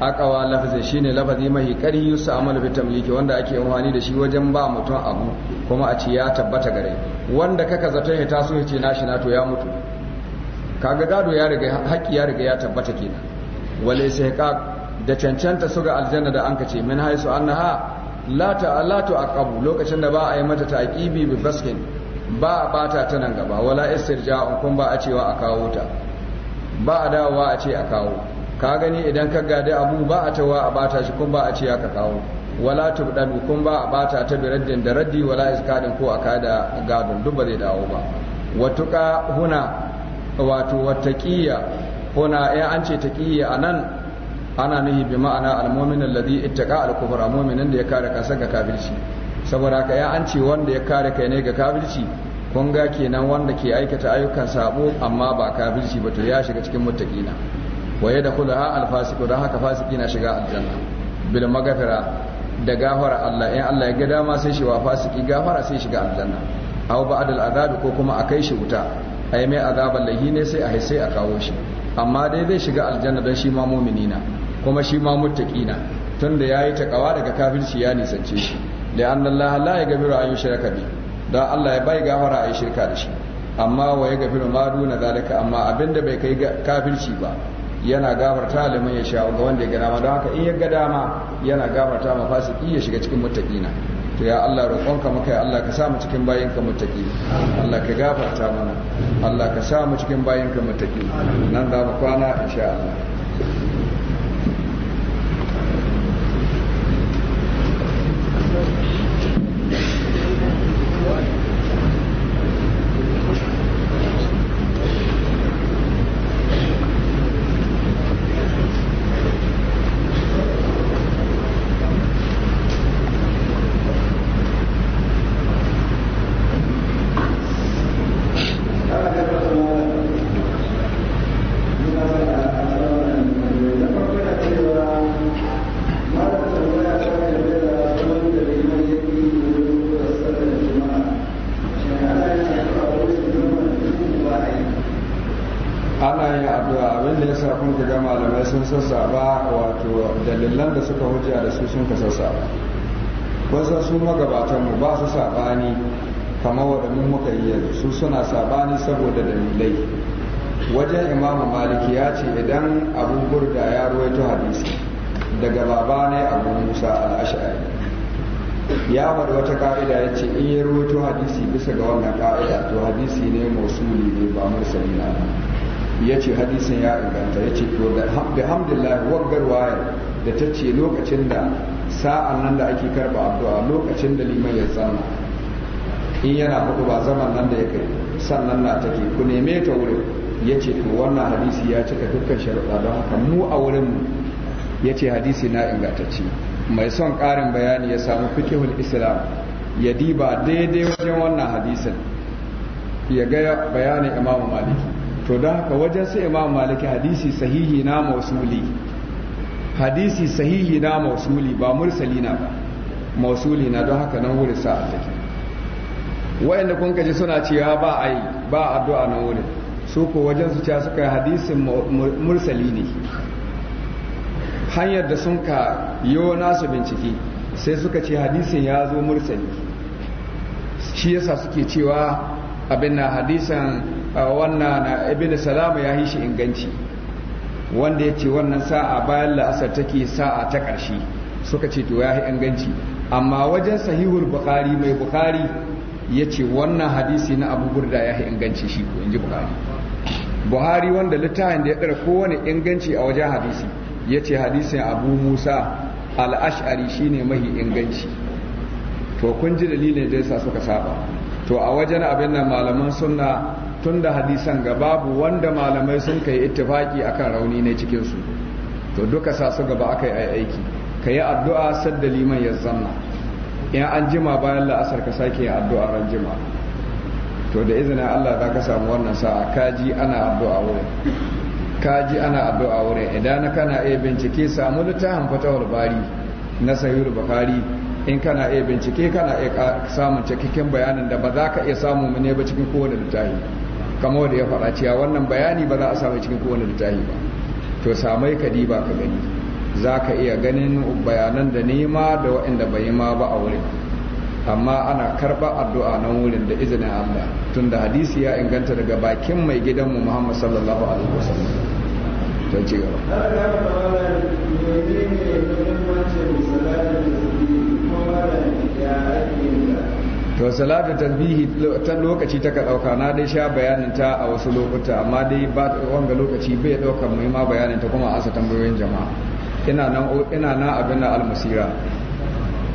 akawa lafazi shine lafazi mahi karhi yusa amal bi tamliki wanda ake amfani da shi wajen ba mutum abu kuma a ce ya tabbata gare wanda kaka zato ya taso ya ce nashi na to ya mutu kaga gado ya riga haƙƙi ya riga ya tabbata kenan wale sai ka da cancanta su ga aljanna da an kace min haisu annaha la ta'ala tu aqabu lokacin da ba a yi mata taqibi bi baskin ba a bata ta nan gaba wala istirja'un kun ba a cewa a kawo ta ba a dawowa a ce a kawo ka gani idan ka gadi abu ba a tawa a bata shi kun ba a ce ka kawo wala tubdanu kun ba a bata ta bi raddin da raddi wala iskadin ko a kada gadon duk ba zai dawo ba watuka huna wato wattaqiyya huna ya an ce taqiyya anan ana nuhi bi ma'ana al-mu'min alladhi ittaqa al-kubra mu'minin da ya kare kansa ga kafirci saboda ka ya an ce wanda ya kare kai ne ga kafirci kun ga kenan wanda ke aikata ayyukan sabo amma ba kafirci ba to ya shiga cikin muttaqina wa yadkhuluha al-fasiqu da haka fasiki na shiga aljanna bil magfira da gafara Allah in Allah ya ga dama sai shi wa fasiki gafara sai shiga aljanna aw ba'dal adab ko kuma akai shi wuta a yi mai azabar lahi ne sai a haisai a kawo shi amma dai zai shiga aljanna don shi ma mumini na kuma shi ma muttaki na tun da ya yi takawa daga kafirci ya nisance shi da an lallaha la ya gabiru an yi shirka bi don allah ya bai gafara a shirka da shi amma wa ya gafiru ma duna zalika amma abinda bai kai kafirci ba yana gafarta liman ya sha ga wanda ya ga dama don haka in ya ga dama yana gafarta mafasiki ya shiga cikin muttaqina to ya Allah roƙonka maka ya Allah ka sa mu cikin bayinka muttaqi Allah ka gafarta mana Allah ka sa mu cikin bayinka muttaqi nan da mu kwana insha Allah sun ka sassaba wasu su magabatanmu ba su sabani kamar waɗannan muka yi yanzu su suna sabani saboda dalilai wajen imamu maliki ya ce idan abu burda ya ruwaito hadisi daga baba ne abu musa al'ashari ya bar wata ka'ida ya ce in ya ruwaito hadisi bisa ga wannan ka'ida to hadisi ne mausuli ne ba mursali na ya ce hadisin ya inganta ya ce to da hamdulillah waggar wayar da ta ce lokacin da sa'an nan da ake karba addu'a lokacin da liman ya tsana in yana hudu ba zaman nan da ya kai sannan na take ku neme ta wurin ya ce to wannan hadisi ya cika dukkan sharuɗa don haka mu a wurin ya ce hadisi na ingantacce mai son ƙarin bayani ya samu fikihul islam ya diba daidai wajen wannan hadisin ya ga bayanin imamu maliki to don haka wajen sai imamu maliki hadisi sahihi na mausuli hadisi sahihi na mausuli ba mursali na ba mausuli na don haka nan wurin sa'a take wayanda kun kaji suna cewa ba a ba addu'a na wurin su ko wajen su cewa suka hadisin mursali ne hanyar da sun ka yi nasu bincike sai suka ce hadisin ya zo mursali shi yasa suke cewa abin na hadisan wannan na ibn salama ya yi shi inganci wanda ya ce wannan sa'a bayan la'asar take sa'a ta ƙarshe suka ce to ya yi inganci amma wajen sahihul bukari mai bukari ya ce wannan hadisi na abubuwar da ya yi inganci shi ko in ji bukari buhari wanda littafin da ya ɗara kowane inganci a wajen hadisi ya ce hadisin abu musa al'ashari shine mahi inganci to kun ji dalilin da sa suka saba to a wajen abin nan malaman sunna tun da hadisan ga babu wanda malamai sun kai ittifaki akan rauni ne cikin su to duka sa su gaba aka yi aiki ka yi addu'a sadda liman ya zanna in an jima bayan la'asar ka sake yin addu'a ran jima to da izinin Allah za ka samu wannan sa'a kaji ana addu'a wurin kaji ana addu'a wurin idan kana iya bincike samu littafin fatawar bari na sahihul bukhari in kana iya bincike kana iya samun cikakken bayanin da ba za ka iya samu mu ne ba cikin kowane littafi kamar wanda ya faɗa cewa wannan bayani ba za a samu cikin kowane littafi ba to samai ka diba ka gani za ka iya ganin bayanan da nema da waɗanda bai ma ba a wurin amma ana karɓar addu'a na wurin da izinin Allah tunda da hadisi ya inganta daga bakin mai gidanmu Muhammad sallallahu alaihi wasallam to ci gaba to salatu tasbihi ta lokaci ta ka dauka na dai sha bayanin ta a wasu lokuta amma dai ba wanga lokaci bai dauka mai ma bayanin ta kuma asa tambayoyin jama'a ina nan ina nan abin da almusira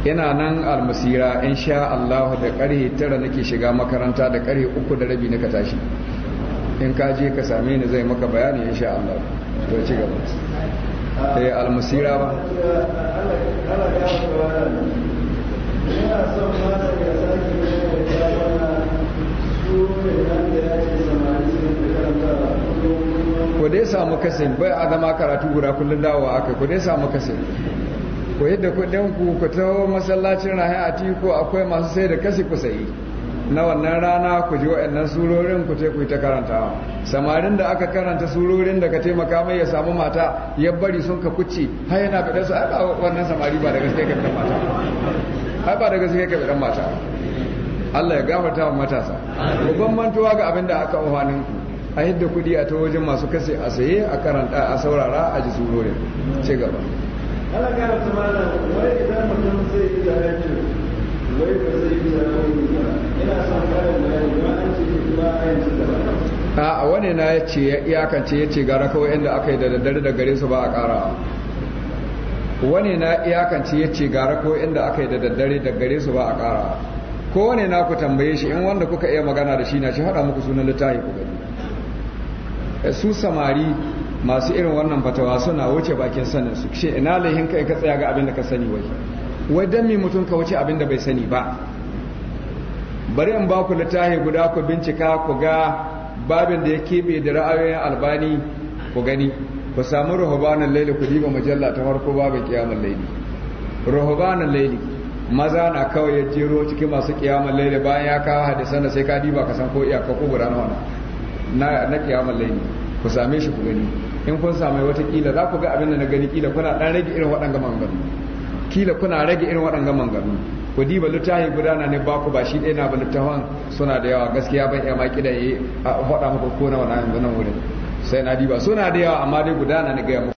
ina nan almusira insha Allah da karhe tara nake shiga makaranta da karhe uku da rabi naka tashi in ka je ka same ni zai maka bayani insha Allah to ci gaba eh almusira ba ko dai samu kasin bai a zama karatu guda kullum dawo aka ko dai samu kasin ko yadda kudin ku ku tawo masallacin rahaya a tiko akwai masu sai da kashi ku sayi na wannan rana ku ji wa'annan surorin ku ce ku ta karantawa samarin da aka karanta surorin da ka taimaka mai ya samu mata ya bari sun ka kuce har yana fitar su a wannan samari ba da gaske ka mata ai ba daga gaske kai dan mata Allah ya gafarta wa matasa babban mantuwa ga abin da aka amfanin ku a hidda kuɗi a ta wajen masu kase a saye a karanta a saurara a ji surorin ce gaba Allah ya rasu mana wai idan mutum zai yi da yake wai ba zai yi da yake ina son karin bayani ba an ce ba a yanzu da a wani na ya ce ya iyakance ya ce gara kawai inda aka yi da daddare da gare su ba a ƙara wani na iyakance ya ce gara ko inda aka yi da daddare da gare su ba a ƙara ko wani na ku tambaye shi in wanda kuka iya magana da shi na shi haɗa muku sunan littafi ku gani eh, su samari masu irin wannan fatawa suna wuce bakin sanin su shi ina laihin kai ka tsaya ga abin da ka sani wai wai dan me mutum ka wuce abin da bai sani ba bari in ba ku littafi guda ku bincika ku ga babin da ya keɓe da ra'ayoyin albani ku gani ku samu rahobanan laili ku ba mujalla ta farko babu kiyamun laili rahobanan laili maza na kawai ya jero cikin masu kiyamun laili bayan ya kawo hadisan da sai ka diba ka san ko iya ko guda nawa na na kiyamun laili ku same shi ku gani in kun same wata kila za ku ga abin da na gani kila kuna dan rage irin waɗanga manganu kila kuna rage irin waɗanga manganu ku diba littafi gudana ne ba ku ba shi ɗaya na ba littafan suna da yawa gaskiya ban iya ma eh, a yi a faɗa muku ko na wani wurin sai na diba suna da yawa amma dai gudana na gaya